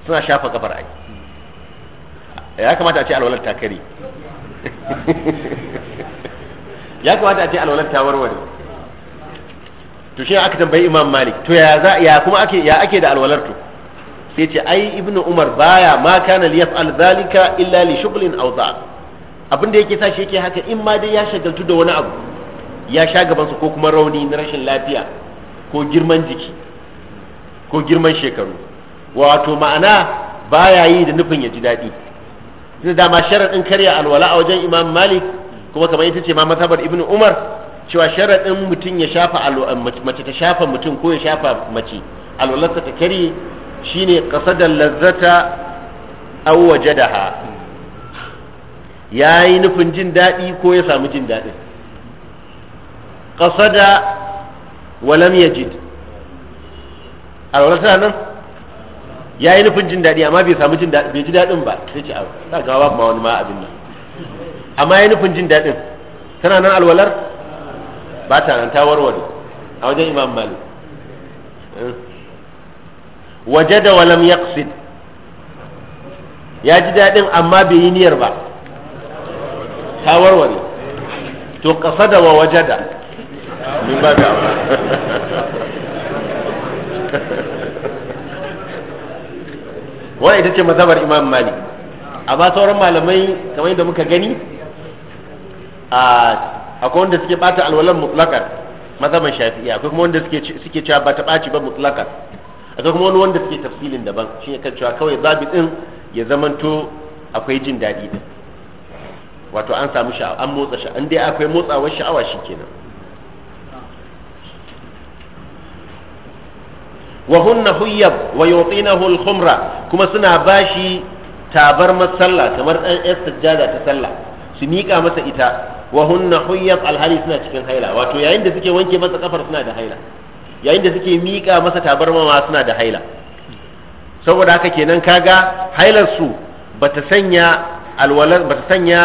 B: سنة شافة كفر أي يا كما تأتي الولاء تاكري يا كما تأتي الولاء تاوروري to shi aka tambayi imam malik to ya za ya kuma ake ya ake da alwalar to sai ce ai ibnu umar baya ma kana li yaf'al zalika illa li shughlin aw abin da yake sa yake haka in ma dai ya shagaltu da wani abu ya sha gaban ko kuma rauni na rashin lafiya ko girman jiki ko girman shekaru wato ma'ana baya yi da nufin ya ji daɗi da dama sharaɗin karya alwala a wajen imam malik kuma kamar ita ce ma masabar ibnu umar cewa sharaɗin mutum ya shafa eh, mace ta shafa mutum ko ya shafa mace alwalarsa ta kare shine da lazzata da ha. Ya yi nufin jin daɗi ko ya samu jin daɗin da walam ya jid alwalarsa nan ya yi nufin jin daɗi amma bai samu jin daɗi bai ji daɗin ba sai ce a ga babu ma wani ma abin nan amma ya yi nufin jin daɗin tana nan alwalar ba ta nan ta warware a wajen imam malik eh. wajada walam yaqsid ya ji daɗin amma bai yi niyyar ba ta warware to da wa wajada min ba da Wani ita ce mazhabar imam malik amma sauran malamai kamar yadda muka gani a akwai wanda suke bata alwalan mutlaka mazhaban shafi'i akwai kuma wanda suke suke cewa bata baci ba mutlaka akwai kuma wani wanda suke tafsilin daban ne kan cewa kawai zabi din ya zamanto akwai jin daɗi din wato an samu sha'awa an motsa sha'awa an dai akwai motsawar sha'awa shikenan wa hunna huyyab wa yuqinahu al-khumra kuma suna bashi tabar sallah kamar dan yar sajjada ta sallah su mika masa ita wa hunna huyyat alhali suna cikin haila wato yayin da suke wanke masa kafar suna da haila yayin da suke miƙa masa tabarma ma suna da haila saboda haka kenan kaga hailar su bata sanya alwala bata sanya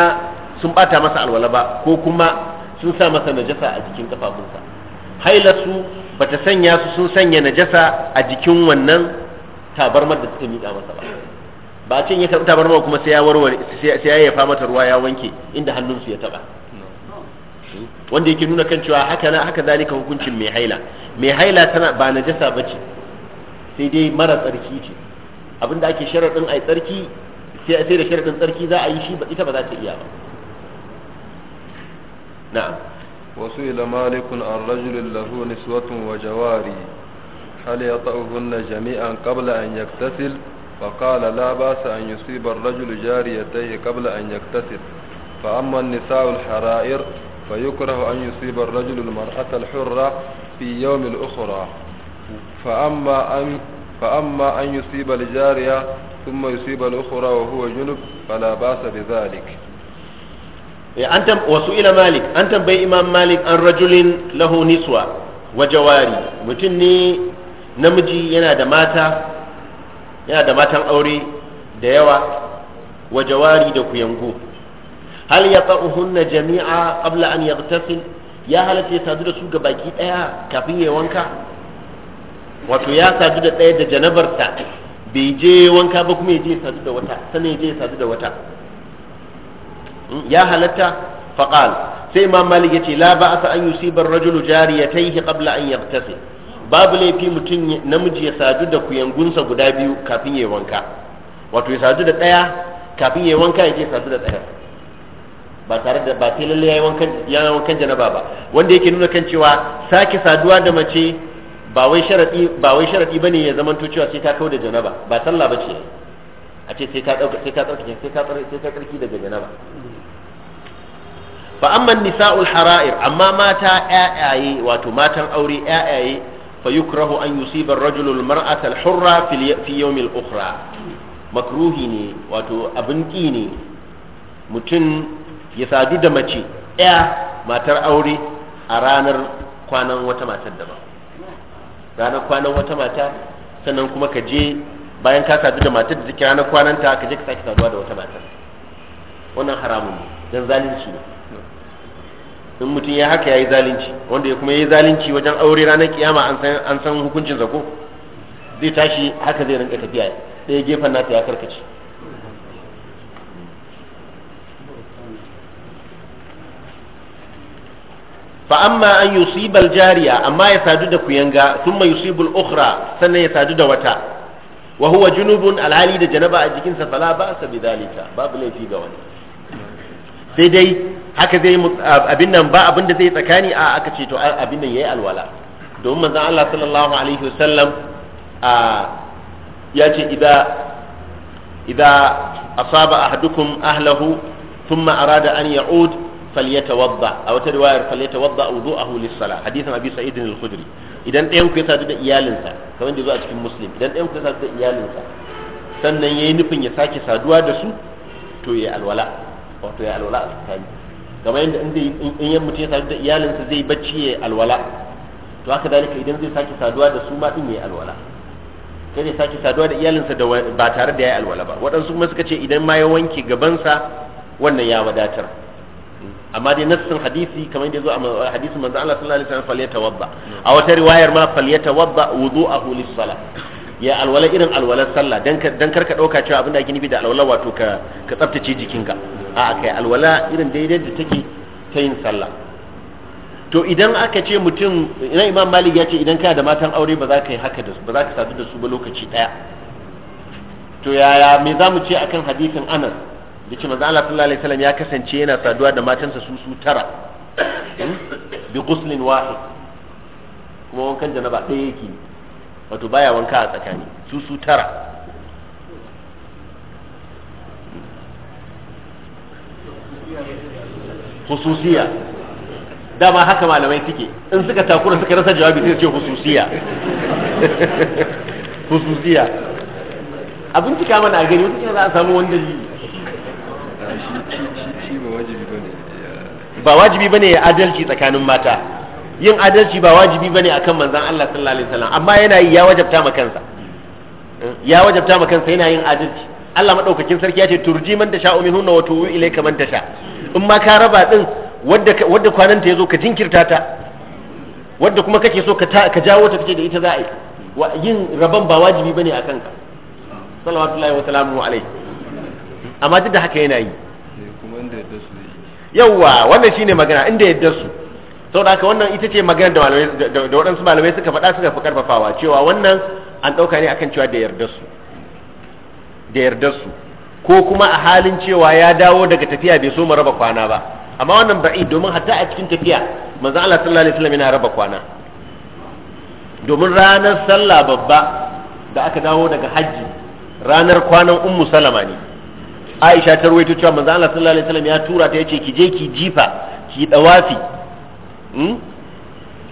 B: sun bata masa alwala ba ko kuma sun sa masa najasa a jikin kafafunsa hailar su bata sanya su sun sanya najasa a jikin wannan tabarmar da suka miƙa masa ba ba a cin ya tabarmar kuma sai ya warware sai ya yafa mata ruwa ya wanke inda hannunsu ya taba wanda yake nuna kan cewa haka na haka zalika hukuncin mai haila mai haila tana ba najasa bace sai dai mara tsarki ce abinda ake sharadin ai tsarki sai sai da sharadin tsarki za a yi
A: shi ba ita ba za ta iya ba na'am wasu ila malikun an rajulin lahu niswatun wa jawari hal ya ta'uhunna jami'an qabla an yaktasil fa qala la ba'sa فقال لا بأس أن يصيب الرجل جاريتيه قبل أن يكتسب فأما النساء harair فيكره أن يصيب الرجل المرأة الحرة في يوم الأخرى فأما أن فأما أن يصيب الجارية ثم يصيب الأخرى وهو جنب فلا بأس بذلك
B: أنت وسئل مالك أنت بي إمام مالك عن رجل له نسوة وجواري متني نمجي ينا دماتا ينا دماتا أوري ديوا وجواري دكو ينقو hal ya yaqahunna jami'a qabla an yaghtasil ya halatta ya sadu da su gabaki daya kafin ya wanka wato ya sadu da daya da janabarta bai je wanka ba kuma ya je sadu da wata sannan ya je sadu da wata ya halatta faqal sai imam malik yace la asa an yusiba ar rajul jariyatayhi qabla an yaghtasil babu laifi mutum namiji ya sadu da kuyangunsa guda biyu kafin ya wanka wato ya sadu da daya kafin ya wanka ya je sadu da daya ba tare da ba sai lalle yayi wankan yana wankan janaba ba wanda yake nuna kan cewa sake saduwa da mace ba wai sharadi ba wai sharadi bane ya zamanto cewa sai ta da janaba ba sallah bace a ce sai ta dauka sai ta tsarki sai ta sai ta tsarki daga janaba fa amma nisa'ul hara'ir amma mata ƴaƴaye wato matan aure ƴaƴaye fa yukrahu an yusiba ar-rajulu al-mar'ata al-hurra fi yawm al-ukhra makruhi ne wato abin ne mutum ya sadu da mace ɗaya matar aure a ranar kwanan wata matar daban ranar kwanan wata mata sannan kuma ka je bayan ka sadu da matar da take ranar kwananta ka je ka sake saduwa da wata matar wannan haramun ne don zalunci ne in mutum ya haka ya yi zalunci wanda ya kuma ya yi zalunci wajen aure ranar kiyama an san hukuncin zako zai tashi haka zai rinka tafiya ɗaya gefen nata ya karkace fa amma an yusibal jariya amma ya sadu da kuyanga thumma yusibul ukhra sannan ya sadu da wata wa huwa junubun alhali da janaba a jikinsa fala ba sa bidalika babu laifi ga wani sai dai haka zai abin nan ba abin da zai tsakani a aka ce to abin nan yayi alwala domin manzon Allah sallallahu alaihi wasallam a ya ce idan idan asaba ahadukum ahlahu thumma arada an ya'ud falyatawadda a wata riwayar falyatawadda wudu'ahu lis-salah hadithan Abi Sa'id al-Khudri idan ɗayan ku ya sadu da iyalinsa kamar da zo a cikin Muslim idan ɗayan ku ya sadu da iyalinsa sannan yayi nufin ya sake saduwa da su to ya alwala wato ya alwala a tsakani kamar yadda in in yan mutum ya sadu da iyalinsa zai bacci ya alwala to haka dalika idan zai sake saduwa da su ma din ya alwala sai ya sake saduwa da iyalinsa da ba tare da ya alwala ba waɗansu kuma suka ce idan ma ya wanke gabansa wannan ya wadatar amma dai nassin hadisi kamar yadda zo a hadisin manzo Allah sallallahu alaihi wasallam falyatawadda a wata riwayar ma falyatawadda wudu'ahu lis-salah ya alwala irin alwala sallah dan dan karka dauka cewa abin da ake nufi da alwala wato ka ka tsaftace jikinka a kai alwala irin daidai da take ta yin sallah to idan aka ce mutum ina imam malik ya ce idan kana da matan aure ba za ka yi haka da su ba za ka sadu da su ba lokaci daya to yaya me za mu ce akan hadisin anas yace manzo Allah sallallahu alaihi wasallam ya kasance yana saduwa da matansa su su tara hmm? bi ghuslin wahid kuma wankan janaba ɗaya yake wato baya wanka a tsakani su su tara hususiya dama haka malamai suke in suka takura suka rasa jawabi sai ce hususiya hususiya abin cika mana a gani wata za a samu wanda ba wajibi bane ya adalci tsakanin mata yin adalci ba wajibi bane akan manzon Allah sallallahu alaihi wasallam amma yana yi ya wajabta ma kansa ya wajabta ma kansa yana yin adalci Allah madaukakin sarki ya ce turji man tasha hunna wa tuwi ilayka man tasha in ma ka raba din wadda wadda kwananta yazo ka jinkirta ta wadda kuma kake so ka jawo ta kace da ita za a yi yin rabon ba wajibi bane akan ka sallallahu alaihi wasallam amma duk da haka yana yi yawwa wannan shine magana inda yadda su da haka wannan ita ce magana da waɗansu malamai suka faɗa suka fi ƙarfafawa cewa wannan an ɗauka ne akan cewa da yarda su ko kuma a halin cewa ya dawo daga tafiya bai so mu raba kwana ba amma wannan ba'i domin hatta a cikin tafiya manzan Allah sallallahu alaihi wasallam yana raba kwana domin ranar sallah babba da aka dawo daga hajji ranar kwanan ummu salama ne Aisha ta rawaito cewa manzo Allah sallallahu alaihi wasallam ya tura ta yace ki je ki jifa ki dawafi hmm?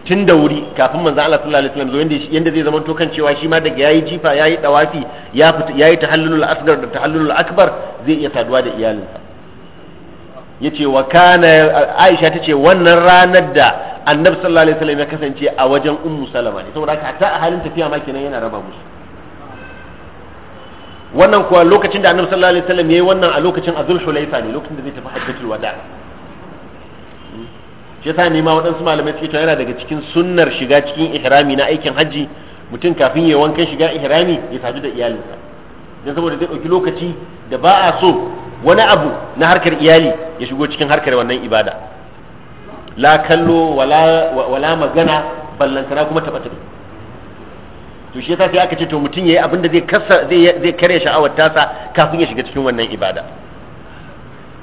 B: tun da wuri kafin manzo Allah sallallahu alaihi wasallam zo yanda yanda zai zama to kan cewa shi ma daga yayi jifa yayi dawafi ya fita yayi tahallulul asgar da tahallulul akbar zai iya saduwa da iyalinsa yace wa kana Aisha tace wannan ranar da Annabi sallallahu alaihi wasallam ya kasance a wajen Ummu Salama ne saboda haka ta halin tafiya ma kenan yana raba musu wannan kuwa lokacin da annabi sallallahu alaihi wasallam yayi wannan a lokacin azul hulaifa ne lokacin da zai tafi hajjatul wada hmm. shi yasa ne ma waɗansu malamai suke cewa yana daga cikin sunnar shiga cikin ihrami na aikin hajji mutum kafin ya wankan shiga ihrami ya sadu da iyalinsa dan saboda zai ɗauki lokaci da ba a so wani abu na harkar iyali ya shigo cikin harkar wannan ibada la kallo wala wala magana ballantana kuma taɓa taɓa to shi yasa sai aka ce to mutum yayi abin da zai kasa zai zai kare sha'awar tasa kafin ya shiga cikin wannan ibada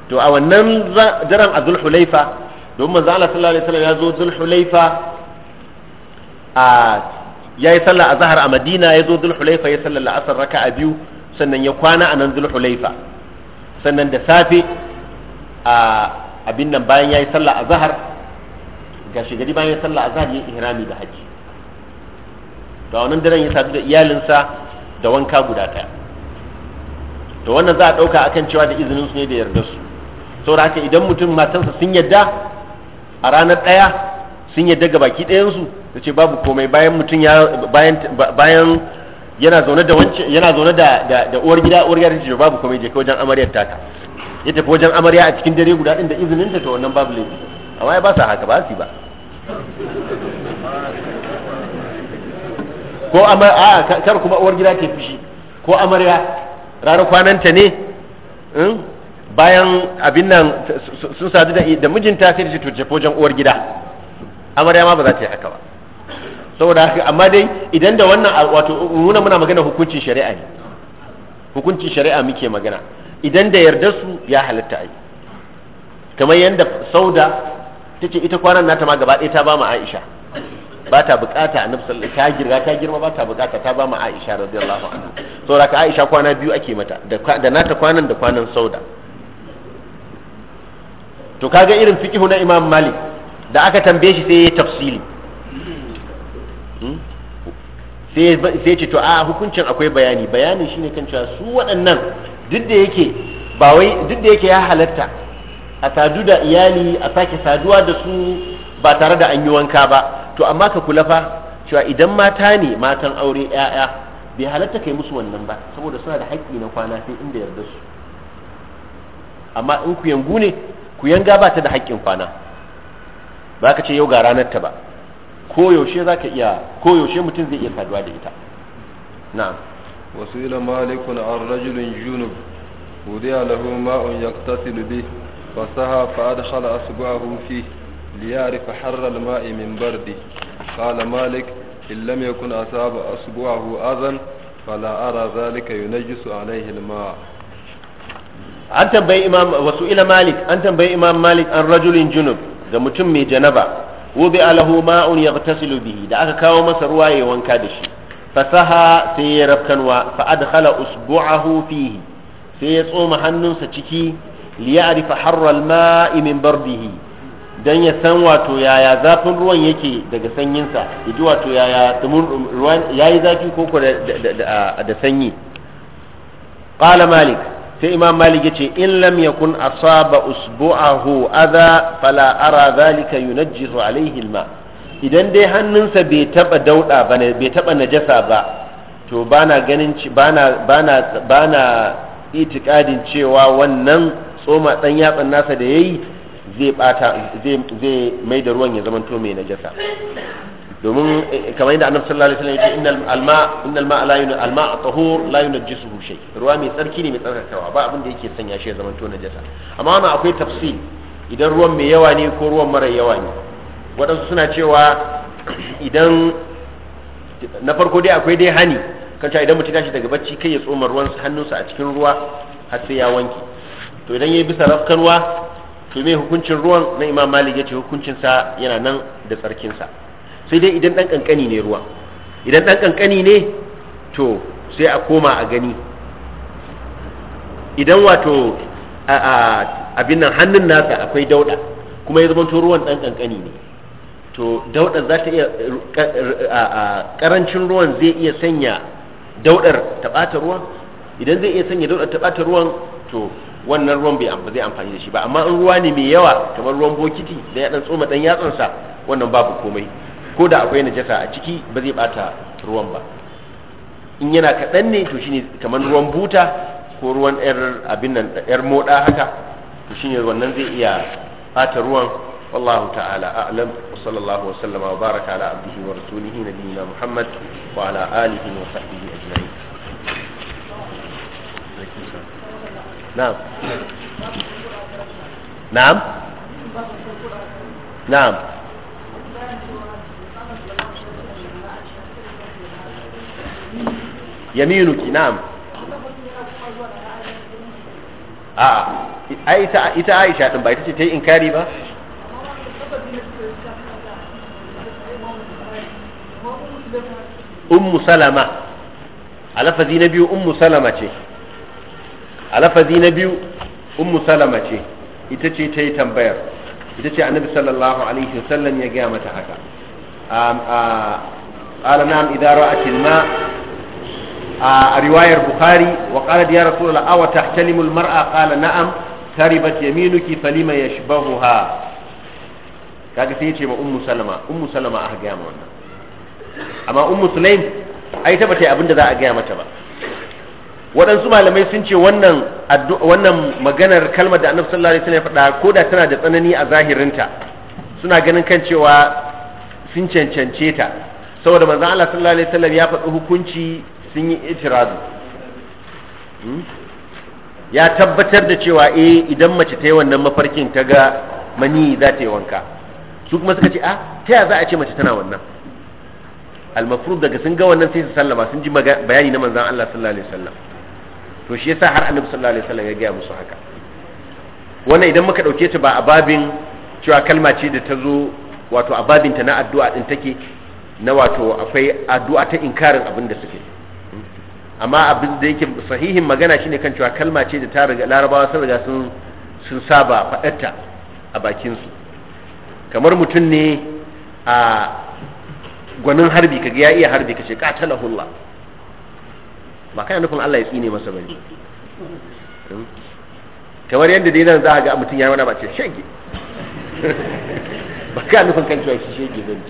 B: to a wannan daren azul hulaifa don manzo Allah sallallahu alaihi wasallam ya zo zul hulaifa a yayi sallah azhar a Madina ya zo zul hulaifa ya sallalla asr raka'a biyu sannan ya kwana a nan zul hulaifa sannan da safe a abin nan bayan yayi sallah azhar gashi gari bayan sallah azhar yayi ihrami da haji to wannan daren ya sadu da iyalinsa da wanka guda ɗaya to wannan za a ɗauka akan cewa da izinin su ne da yardar su saboda haka idan mutum matansa sun yadda a ranar ɗaya sun yadda ga baki ɗayan su da ce babu komai bayan mutum ya bayan bayan yana zaune da wance yana zaune da da uwar gida uwar gida ce babu komai je ka wajen amaryar taka ya tafi wajen amarya a cikin dare guda ɗin da izinin ta to wannan babu laifi amma ya ba sa haka ba su ba ko amar a kar kuma uwar gida ke fushi ko amarya ranar kwananta ne hmm? bayan abin nan sun sadu da mijinta sai da shi tuce fojan wajen uwar gida amarya ma ba za ta yi haka ba saboda haka amma dai idan da wannan wato nuna muna magana hukuncin shari'a ne hukuncin shari'a muke magana idan da yarda su ya halatta ai kamar yadda sauda ta ce ita kwanan nata ma gaba ɗaya ta ba mu aisha ba ta bukata a sallallahu ta girma ta girma ba ta bukata ta ba mu Aisha radiyallahu anha saboda ka Aisha kwana biyu ake mata da nata kwanan da kwanan sauda to kaga irin fiqhu na Imam Malik da aka tambaye shi sai ya tafsili hmm? sai ce to a hukuncin akwai bayani bayanin shine kan cewa su waɗannan duk da yake ba wai duk da yake ya halatta a sadu da iyali a sake saduwa da su ba tare da an yi wanka ba to amma ka kula fa cewa idan mata ne matan aure yaya bai halatta kai musu wannan ba saboda suna da haƙƙi na kwana sai inda yarda su amma in ku yangu ne ku yanga ba ta da haƙƙin kwana ba ka ce yau ga ranar ta ba ko yaushe za ka iya ko yaushe mutum zai iya saduwa da ita na'am
A: wasu ila malikun ar rajulin junub wuri lahu ma'un yaqtasilu bi fasaha fa adkhala a fihi ليعرف حر الماء من برده قال مالك إن لم يكن أصاب أصبعه أذى فلا أرى ذلك ينجس عليه الماء
B: an tambayi wasu ila malik an tambayi imam malik an rajulin junub ga mutum mai janaba wubi alahu ma'un yaghtasilu bihi da aka kawo masa ruwa ya wanka da shi fasaha sai ya rafkanwa fa adkhala usbu'ahu fihi sai ya tsoma hannunsa ciki li ya'rifa harra don ya san wato yaya zafin ruwan yake daga sanyinsa ya ji wato yaya ruwan ya zafi ko da sanyi ƙala malik sai imam malik ya ce in lam yakun asaba usbu'ahu adha fala ara zalika yunajjisu alaihi alma idan dai hannunsa bai taba dauda ba bai taba najasa ba to bana ganin bana bana bana itikadin cewa wannan tsoma dan yatsan nasa da yayi zai bata zai mai da ruwan ya to mai najasa domin eh, eh, kamar yadda annabi sallallahu alaihi wasallam yake innal alma innal ma la yunal alma tahur la yunajjisuhu shay ruwa mai tsarki ne mai tsarkakawa ba abin da yake sanya shi ya zama to najasa amma wannan akwai tafsir idan ruwan mai yawa ne ko ruwan mara yawa ne waɗansu suna cewa idan na farko dai akwai dai hani kan cewa idan mutum tashi daga bacci kai ya tsoma ruwan hannunsa a cikin ruwa har sai ya wanke to idan yayi bisa rafkan ruwa to me hukuncin ruwan na imam malik yace hukuncin sa yana nan da tsarkin sa sai dai idan dan kankani ne ruwa idan dan kankani ne to sai a koma a gani idan wato abin nan hannun nasa akwai dauda kuma ya zamanto ruwan dan kankani ne to dauda za ta iya karancin ruwan zai iya sanya daudar ta bata ruwan idan zai iya sanya daudar ta bata ruwan to wannan ruwan bai amfani amfani da shi ba amma in ruwa ne mai yawa kamar ruwan bokiti da ya dan tsoma dan yatsansa wannan babu komai ko da akwai najasa a ciki ba zai bata ruwan ba in yana kaɗan ne to shine kamar ruwan buta ko ruwan yar abin nan yar moda haka to shine wannan zai iya bata ruwan wallahu ta'ala a'lam wa sallallahu wa sallama wa baraka ala abdihi wa rasulihi nabiyina muhammad wa نعم نعم نعم يمينك نعم آه ايتا ايتا عائشة تنبأ بايتا تي إنكاري با أم سلمة على فذي نبي أم سلمة تي a lafazi na biyu ummu salama ce ita ce ta yi tambayar ita ce annabi sallallahu alaihi wasallam ya gaya mata haka قال نعم إذا رأت الماء رواية البخاري وقالت يا رسول الله أو تحتلم المرأة قال نعم تربت يمينك فلما يشبهها kaga sai ya ce ma ummu salama ummu salama aka gaya ma wannan amma ummu sulaim ai taba ta yi abin da za a gaya mata ba waɗansu malamai sun ce wannan wannan maganar kalmar da annabi sallallahu alaihi wasallam ya faɗa ko da tana da tsanani a zahirinta suna ganin kan cewa sun cancance ta saboda manzon Allah sallallahu alaihi wasallam ya faɗi hukunci sun yi itirazu hmm? ya tabbatar da cewa eh idan mace ta yi wannan mafarkin ta ga mani za ta yi wanka su kuma suka ce a ah, ta ya za a ce mace tana wannan al almafrud daga sun ga wannan sai su sallama sun ji bayani na manzon Allah sallallahu alaihi wasallam to shi yasa har annabi sallallahu alaihi wasallam ya gaya musu haka wannan idan muka dauke ta ba a babin cewa kalma ce da ta zo wato a babin ta na addu'a din take na wato akwai addu'a ta inkarin abin da suke amma abin da yake sahihin magana shine kan cewa kalma ce da ta riga larabawa sun riga sun sun saba faɗarta a bakin su kamar mutum ne a gwanin harbi kaga ya iya harbi kace qatalahullah ba kana nufin Allah ya tsine masa bane hmm? kamar yadda dai nan za a ga mutum ya wani ba ce shege
C: ba ka nufin
B: kan cewa shi shege bane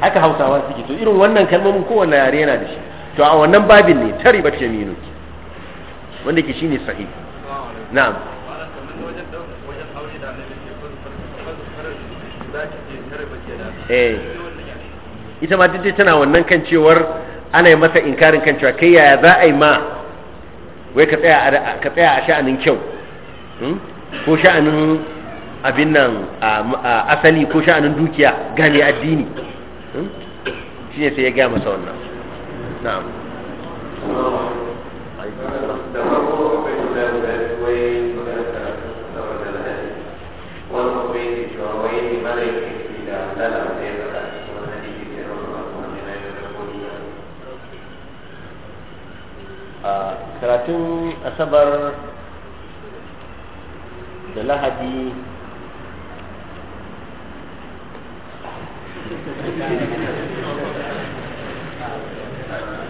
B: haka hausawa suke to irin wannan kalmomin kowanne yare yana da shi to a wannan babin ne tari ba minu wanda ke shine sahi na'am eh. ita ma duk tana wannan kan cewar ana yi masa inkarin kan cewa kai yaya za a yi ma wai ka tsaya a sha'anin kyau hmm? ko sha'anin abin nan a asali ko sha'anin dukiya gane addini hmm? shi ne sai ya gaya masa wannan na'am a karatun asabar da lahadi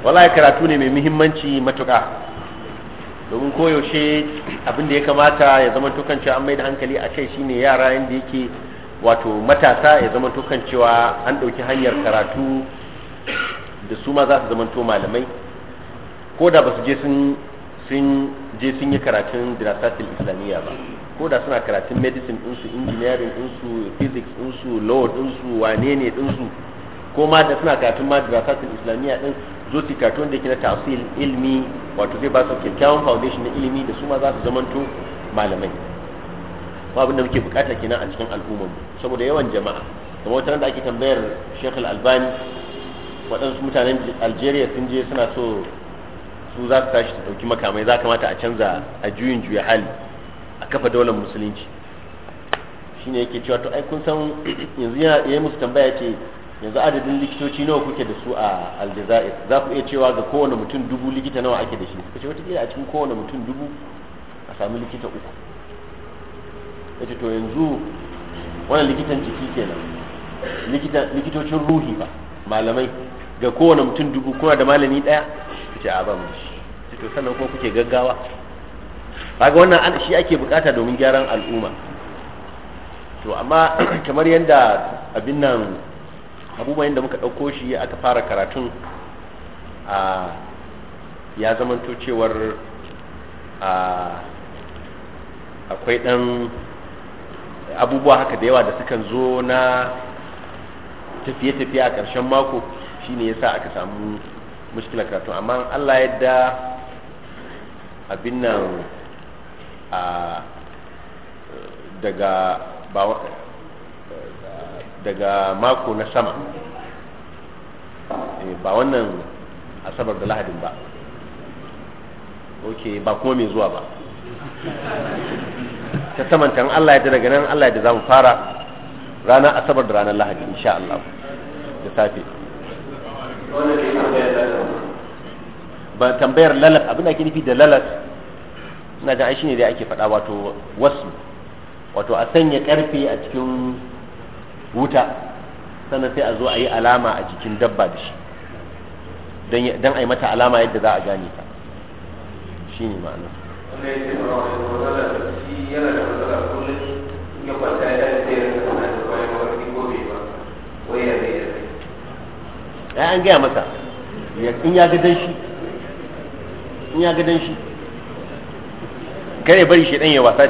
C: ya karatu
B: ne mai muhimmanci matuƙa domin koyaushe abinda ya kamata ya zama tukan an mai da hankali a ce shine yara yadda yake wato matasa ya zama tukan cewa an ɗauki hanyar karatu da su ma za su zama to malamai ko da ba su je sun sun je sun yi karatun dirasatil islamiyya ba ko da suna karatun medicine din su engineering din su physics din su law din su wane ne din su ko ma da suna karatun ma dirasatil islamiyya din zo su karatun da ke na tafsil ilmi wato zai ba su kyakkyawan foundation na ilimi da su ma za su zamanto malamai ba abin da muke bukata kenan a cikin al'ummar saboda yawan jama'a kamar wata da ake tambayar shekul albani waɗansu mutanen algeria sun je suna so su za su tashi su ɗauki makamai za kamata a canza a juyin juya hali a kafa daular musulunci shine yake cewa to ai kun san yanzu ya yi musu tambaya ce yanzu adadin likitoci nawa kuke da su a aljazair za ku iya cewa ga kowane mutum dubu likita nawa ake da shi suka ce wata a cikin kowane mutum dubu a sami likita uku ya to yanzu wannan likitan jiki kenan likitocin ruhi ba malamai ga kowane mutum dubu kuna da malami ɗaya ce a ba shi to sannan kuma kuke gaggawa kaga wannan shi ake bukata domin gyaran al'umma to amma kamar yadda abin nan abubuwan yadda muka ɗauko shi aka fara karatun a ya zamanto cewar akwai ɗan abubuwa haka da yawa da sukan zo na tafiye-tafiye a ƙarshen mako shine yasa aka samu mushkilar karatu amma Allah ya da abin nan a daga ba daga mako na sama eh, ba wannan asabar da lahadin ba ok ba kuma mai zuwa ba ta samantan Allah ya daga nan Allah ya da za mu fara ranar asabar da ranar lahadi insha Allah da safe ba tambayar lalat abin da ake nufi da lalat ina ga shi ne da ake faɗa wato wasu wato a sanya karfe a cikin wuta sannan sai a zo a yi alama a jikin dabba da shi don a yi mata alama yadda za a gane ta shi ne ma'ana ya an gaya masa in ya ga dan shi in ya bari shi kai ya wasa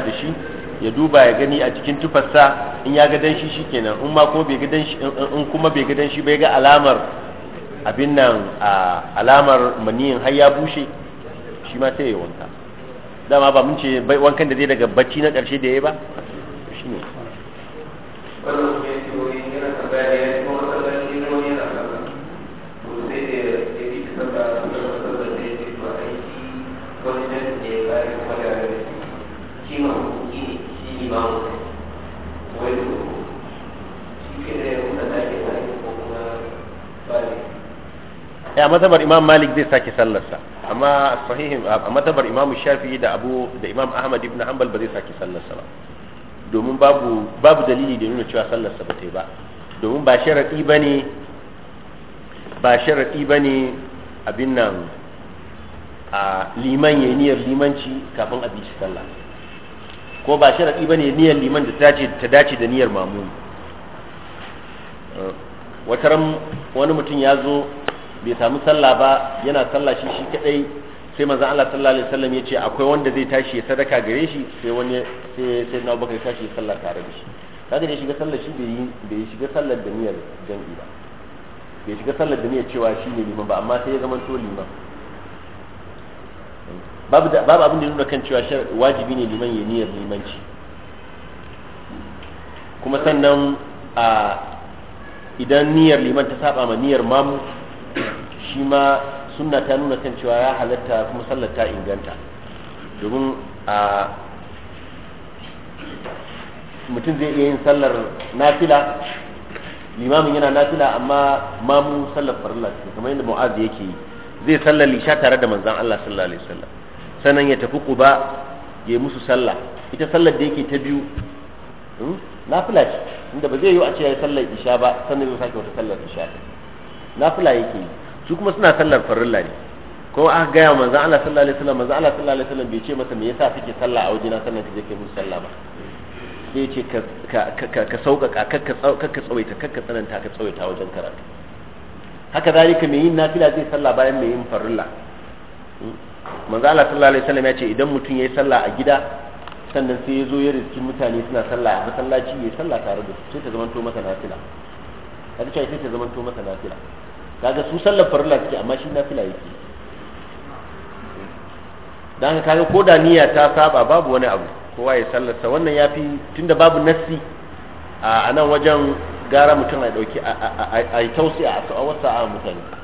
B: da shi ya duba ya gani a cikin tufarsa in ya ga danshi shikenan in ma kuma bai ga danshi in kuma bai ga danshi bai ga alamar abin nan alamar maniyin har ya bushe shi ma sai ya wanka dama ba mun ce wankan da zai daga bacci na karshe da ya ba shine A ya matabar imam malik zai sake sallarsa amma
D: sahihin a ah, matabar
B: imam shafi'i da abu da imam ahmad ibn hanbal ba zai sake sallarsa ba domin babu babu dalili da nuna cewa sallarsa ba ta yi ba domin ba ba ne ba ba ne abin nan a ah, liman ya niyyar limanci kafin a bi shi sallah ko ba ba ne niyyar liman da ta dace da niyyar mamun wata ran wani mutum ya zo bai samu sallah ba yana sallah shi shi kadai sai manzon Allah sallallahu alaihi wasallam ya ce akwai wanda zai tashi sadaka gare shi sai wani sai sai na bakai tashi sallah tare da shi kaga da shiga sallah shi bai yi bai shiga sallar da niyyar jan'i ba bai shiga sallar da niyyar cewa shi ne liman ba amma sai ya zama to liman babu abin da nuna kan cewa wajibi ne liman ya niyyar limanci kuma sannan a idan niyyar liman ta saba ma niyyar mamu shi ma sunna ta nuna kan cewa ya halatta kuma sallar ta inganta domin a mutum zai iya yin sallar nafila limamin yana nafila amma mamu sallar farilla kamar yadda mu'az yake yi zai sallar lisha tare da manzan Allah sallallahu alaihi wasallam sannan ya tafi Quba ya yi musu sallah ita sallar da yake ta biyu hmm, nafila ce inda ba zai yi a ce yayi sallar isha ba sannan zai sake wata sallar isha nafila yake yi su kuma suna sallar farilla ne ko aka gaya manzo Allah sallallahu alaihi wasallam manzo Allah sallallahu alaihi wasallam bai ce masa me yasa kake sallah a wajena sannan kake ke musu sallah ba zai ce ka ka ka sauƙaƙa kakka ka tsawaita ka tsananta ka tsawaita wajen karatu haka zalika mai yin nafila zai sallah bayan mai yin farilla hmm. manzo Allah sallallahu alaihi wasallam ya ce idan mutum yayi sallah a gida sannan sai ya zo ya riski mutane suna sallah a masallaci yayi sallah tare da su sai ta zamanto masa nafila kaga cewa sai ta zamanto masa nafila kaga su sallar farilla suke amma shi nafila yake dan kaga ko da niyya ta saba babu wani abu kowa ya sallarsa wannan yafi tunda babu nassi a nan wajen gara mutum a dauki a tausi a wasu a mutane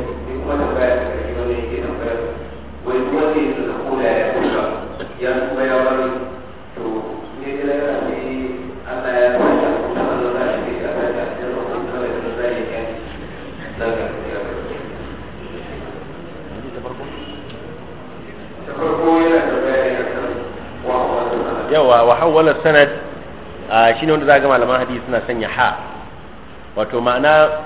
D: is the whole area yang supaya orang itu dia kira
B: wa hawwala sanad shine wanda zaga malaman hadisi suna sanya ha wato ma'ana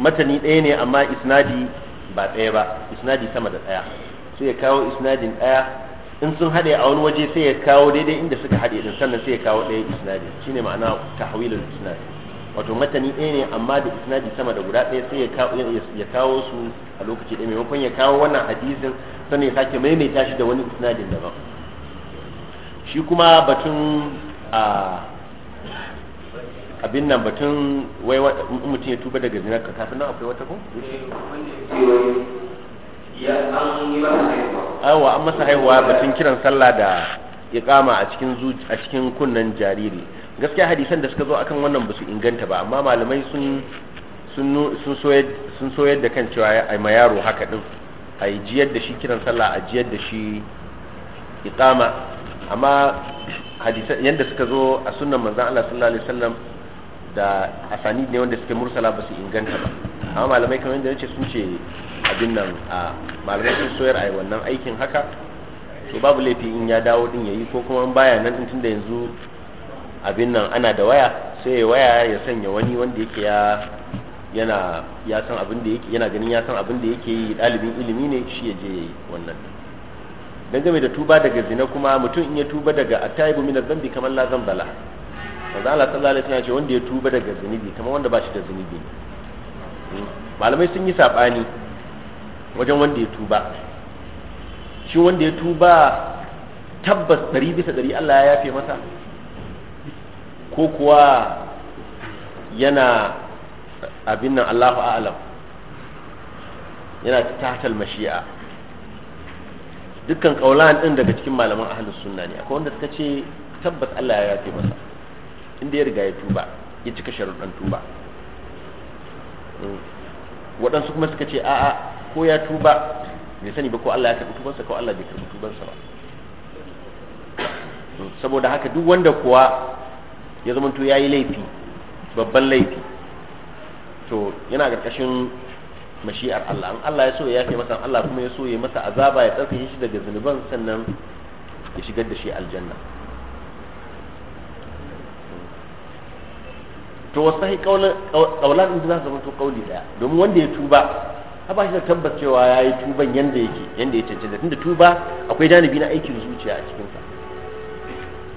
B: matani ɗaya ne amma isnadi ba ɗaya ba isnadi sama da ɗaya sai ya kawo isnadin ɗaya in sun haɗe a wani waje sai ya kawo daidai inda suka haɗe din sannan sai ya kawo ɗaya isnadin shine ma'ana tahwilul isnad wato matani ɗaya ne amma da isnadi sama da guda ɗaya sai ya kawo su a lokaci ɗaya maimakon ya kawo wannan hadisin sannan ya sake maimaita shi da wani isnadin daban shi kuma batun a abin nan batun wai mutum ya tuba daga zinarka kafin nan akwai wata ku.
D: aiwa an masa haihuwa batun kiran
B: sallah da iqama a cikin a cikin kunnan jariri gaskiya hadisan da suka zo akan wannan ba su inganta ba amma malamai sun sun soyar da kan cewa a ma yaro haka din a yi jiyar da shi kiran sallah a jiyar da shi iqama amma hadisan yadda suka zo a sunnan manzon Allah sallallahu alaihi wasallam da asanid ne wanda suke mursala ba su inganta ba amma malamai kamar yadda ce sun ce abin nan a malamai sun soyar a yi wannan aikin haka to babu laifi in ya dawo din yayi ko kuma baya nan din tunda yanzu abin nan ana da waya sai waya ya sanya wani wanda yake ya yana ya san abin da yake yana ganin ya san abin da yake yi dalibin ilimi ne shi ya je yayi wannan game da tuba daga zina kuma mutum in ya tuba daga attaibu min zambi kamar la zambala la Allah sallallahu alaihi wasallam ce wanda ya tuba daga zunubi kamar wanda ba shi da zunubi hmm. malamai sun yi sabani wajen wanda ya tuba shi wanda ya tuba tabbas ɗari bisa ɗari Allah ya yafe masa ko kuwa yana abin nan Allahu a'lam yana tahtal mashi'a dukkan kaulan din daga cikin malaman ahlus sunna ne akwai wanda suka ce tabbas Allah ya yafe masa inda ya riga ya tuba ya cika sharuɗan tuba waɗansu kuma suka ce a'a ko ya tuba bai sani ba ko Allah ya karɓi tubansa ko Allah bai karɓi tubansa ba saboda haka duk wanda kuwa ya zama ya yi laifi babban laifi to yana ƙarƙashin mashi'ar Allah an Allah ya so ya yafe masa Allah kuma ya so ya masa azaba ya tsarkake shi daga zunuban sannan ya shigar da shi aljanna to wasu kaulan da za su zama to kauli daya domin wanda ya tuba ba shi da tabbas cewa ya yi tuban yanda yake yadda ya cancanta tunda tuba akwai janibi na aikin zuciya a cikinsa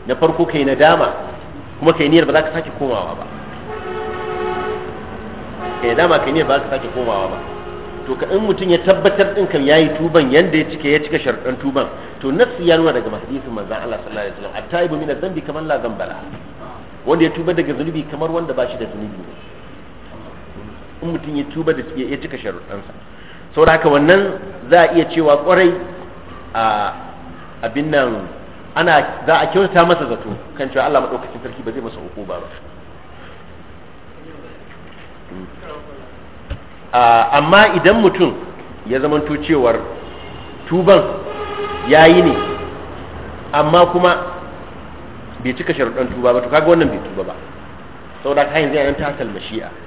B: na farko kai dama kuma kai niyyar ba za ka sake komawa ba kai nadama kai niyyar ba za ka sake komawa ba to ka in mutum ya tabbatar din kan yayi tuban yanda ya cike ya cika sharuɗan tuban to nasu ya nuna daga hadisin manzon Allah sallallahu alaihi wasallam at-taibu min adh-dhanbi kaman la dhanba wanda ya tuba daga zunubi kamar wanda ba shi da zunubi ne in mutum ya tuba da ya cika sharuɗansa da haka wannan za a iya cewa kwarai a abin nan ana za a kyauta masa zato kan cewa Allah maɗaukacin sarki ba zai masa uku ba ba. amma idan mutum ya zamanto cewar tuban ya yi ne amma kuma bai cika sharuɗan tuba ba to kaga wannan bai tuba ba sau da haka zai yana ta mashi'a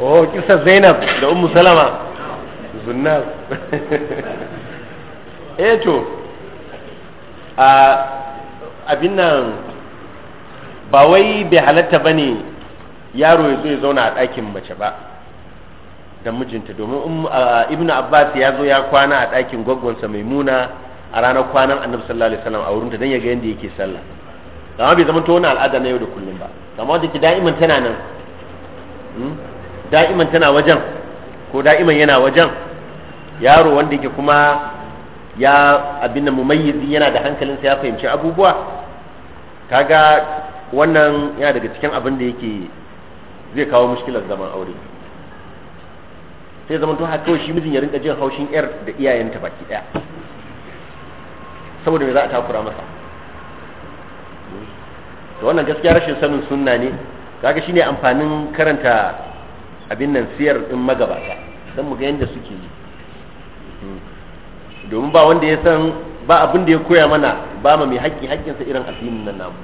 D: oh kisar zainab da ummu salama zunnar
B: eh to a abin nan ba wai bai halatta ba ne yaro ya zo ya zauna a ɗakin mace ba da mijinta domin ibnu abbas ya zo ya kwana a ɗakin mai maimuna a ranar kwanan annabi sallallahu alaihi wasallam a ta don ya ga yadda yake sallah amma bai zama to wani al'ada na yau da kullum ba amma da ki da'iman tana nan hmm? da'iman tana wajen ko da'iman yana wajen yaro wanda yake kuma ya abin da mumayyizi yana da hankalinsa ya fahimci abubuwa kaga wannan yana daga cikin abin da yake zai kawo mushkilar zaman aure sai zaman to haka shi mijin ya rinka jin haushin yar da iyayenta baki daya saboda me za a takura masa to wannan gaskiya rashin sanin sunna ne kaga shine amfanin karanta abin nan siyar din magabata don mu ga yadda suke yi domin ba wanda ya san ba abin da ya koya mana ba ma mai haƙƙi haƙƙinsa irin addinin nan namu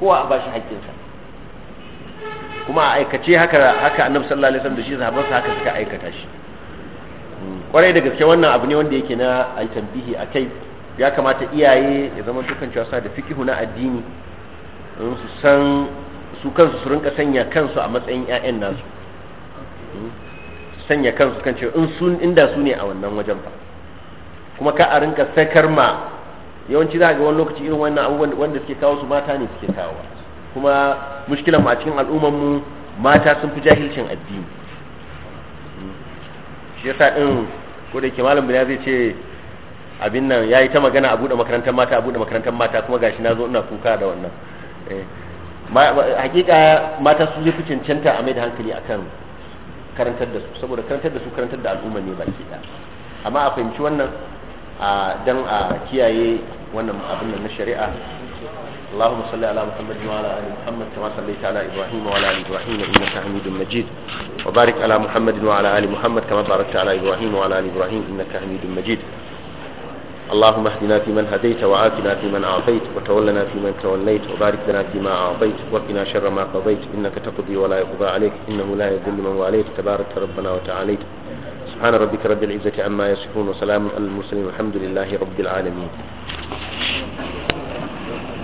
B: kowa a ba shi haƙƙinsa kuma a aikace haka haka annabi sallallahu alaihi wasallam da shi sahabbansa haka suka aikata shi kwarai da gaske wannan abu ne wanda yake na ai tambihi akai ya kamata iyaye ya zama dukan cewa da fiqhu na addini su san su kansu su rinka sanya kansu a matsayin ƴaƴan nasu sanya kansu kan cewa in sun inda su ne a wannan wajen fa kuma ka a rinka sakar ma yawanci za ga wani lokaci irin wannan abubuwan wanda suke kawo su mata ne suke kawo kuma mushkilan mu a cikin al'ummar mu mata sun fi jahilcin addini hmm. shi yasa din ko da ke malam bin zai ce abin nan yayi ta magana a bude makarantar mata a bude makarantar mata kuma gashi na zo ina kuka da wannan eh. hakika mata su zai fi cancanta a mai da hankali akan karantar da su saboda karantar da su karantar da al'umma ne baki da amma a fahimci wannan dan a kiyaye wannan abin nan na shari'a اللهم صل على محمد وعلى ال محمد كما صليت على ابراهيم وعلى ال ابراهيم انك حميد مجيد وبارك على محمد وعلى ال محمد كما باركت على ابراهيم وعلى ال ابراهيم انك حميد مجيد اللهم اهدنا فيمن هديت وعافنا فيمن عافيت وتولنا فيمن توليت وبارك لنا فيما أعطيت وقنا شر ما قضيت إنك تقضي ولا يقضى عليك إنه لا يذل من واليت تبارك ربنا وتعاليت سبحان ربك رب العزة عما يصفون وسلام على المرسلين والحمد لله رب العالمين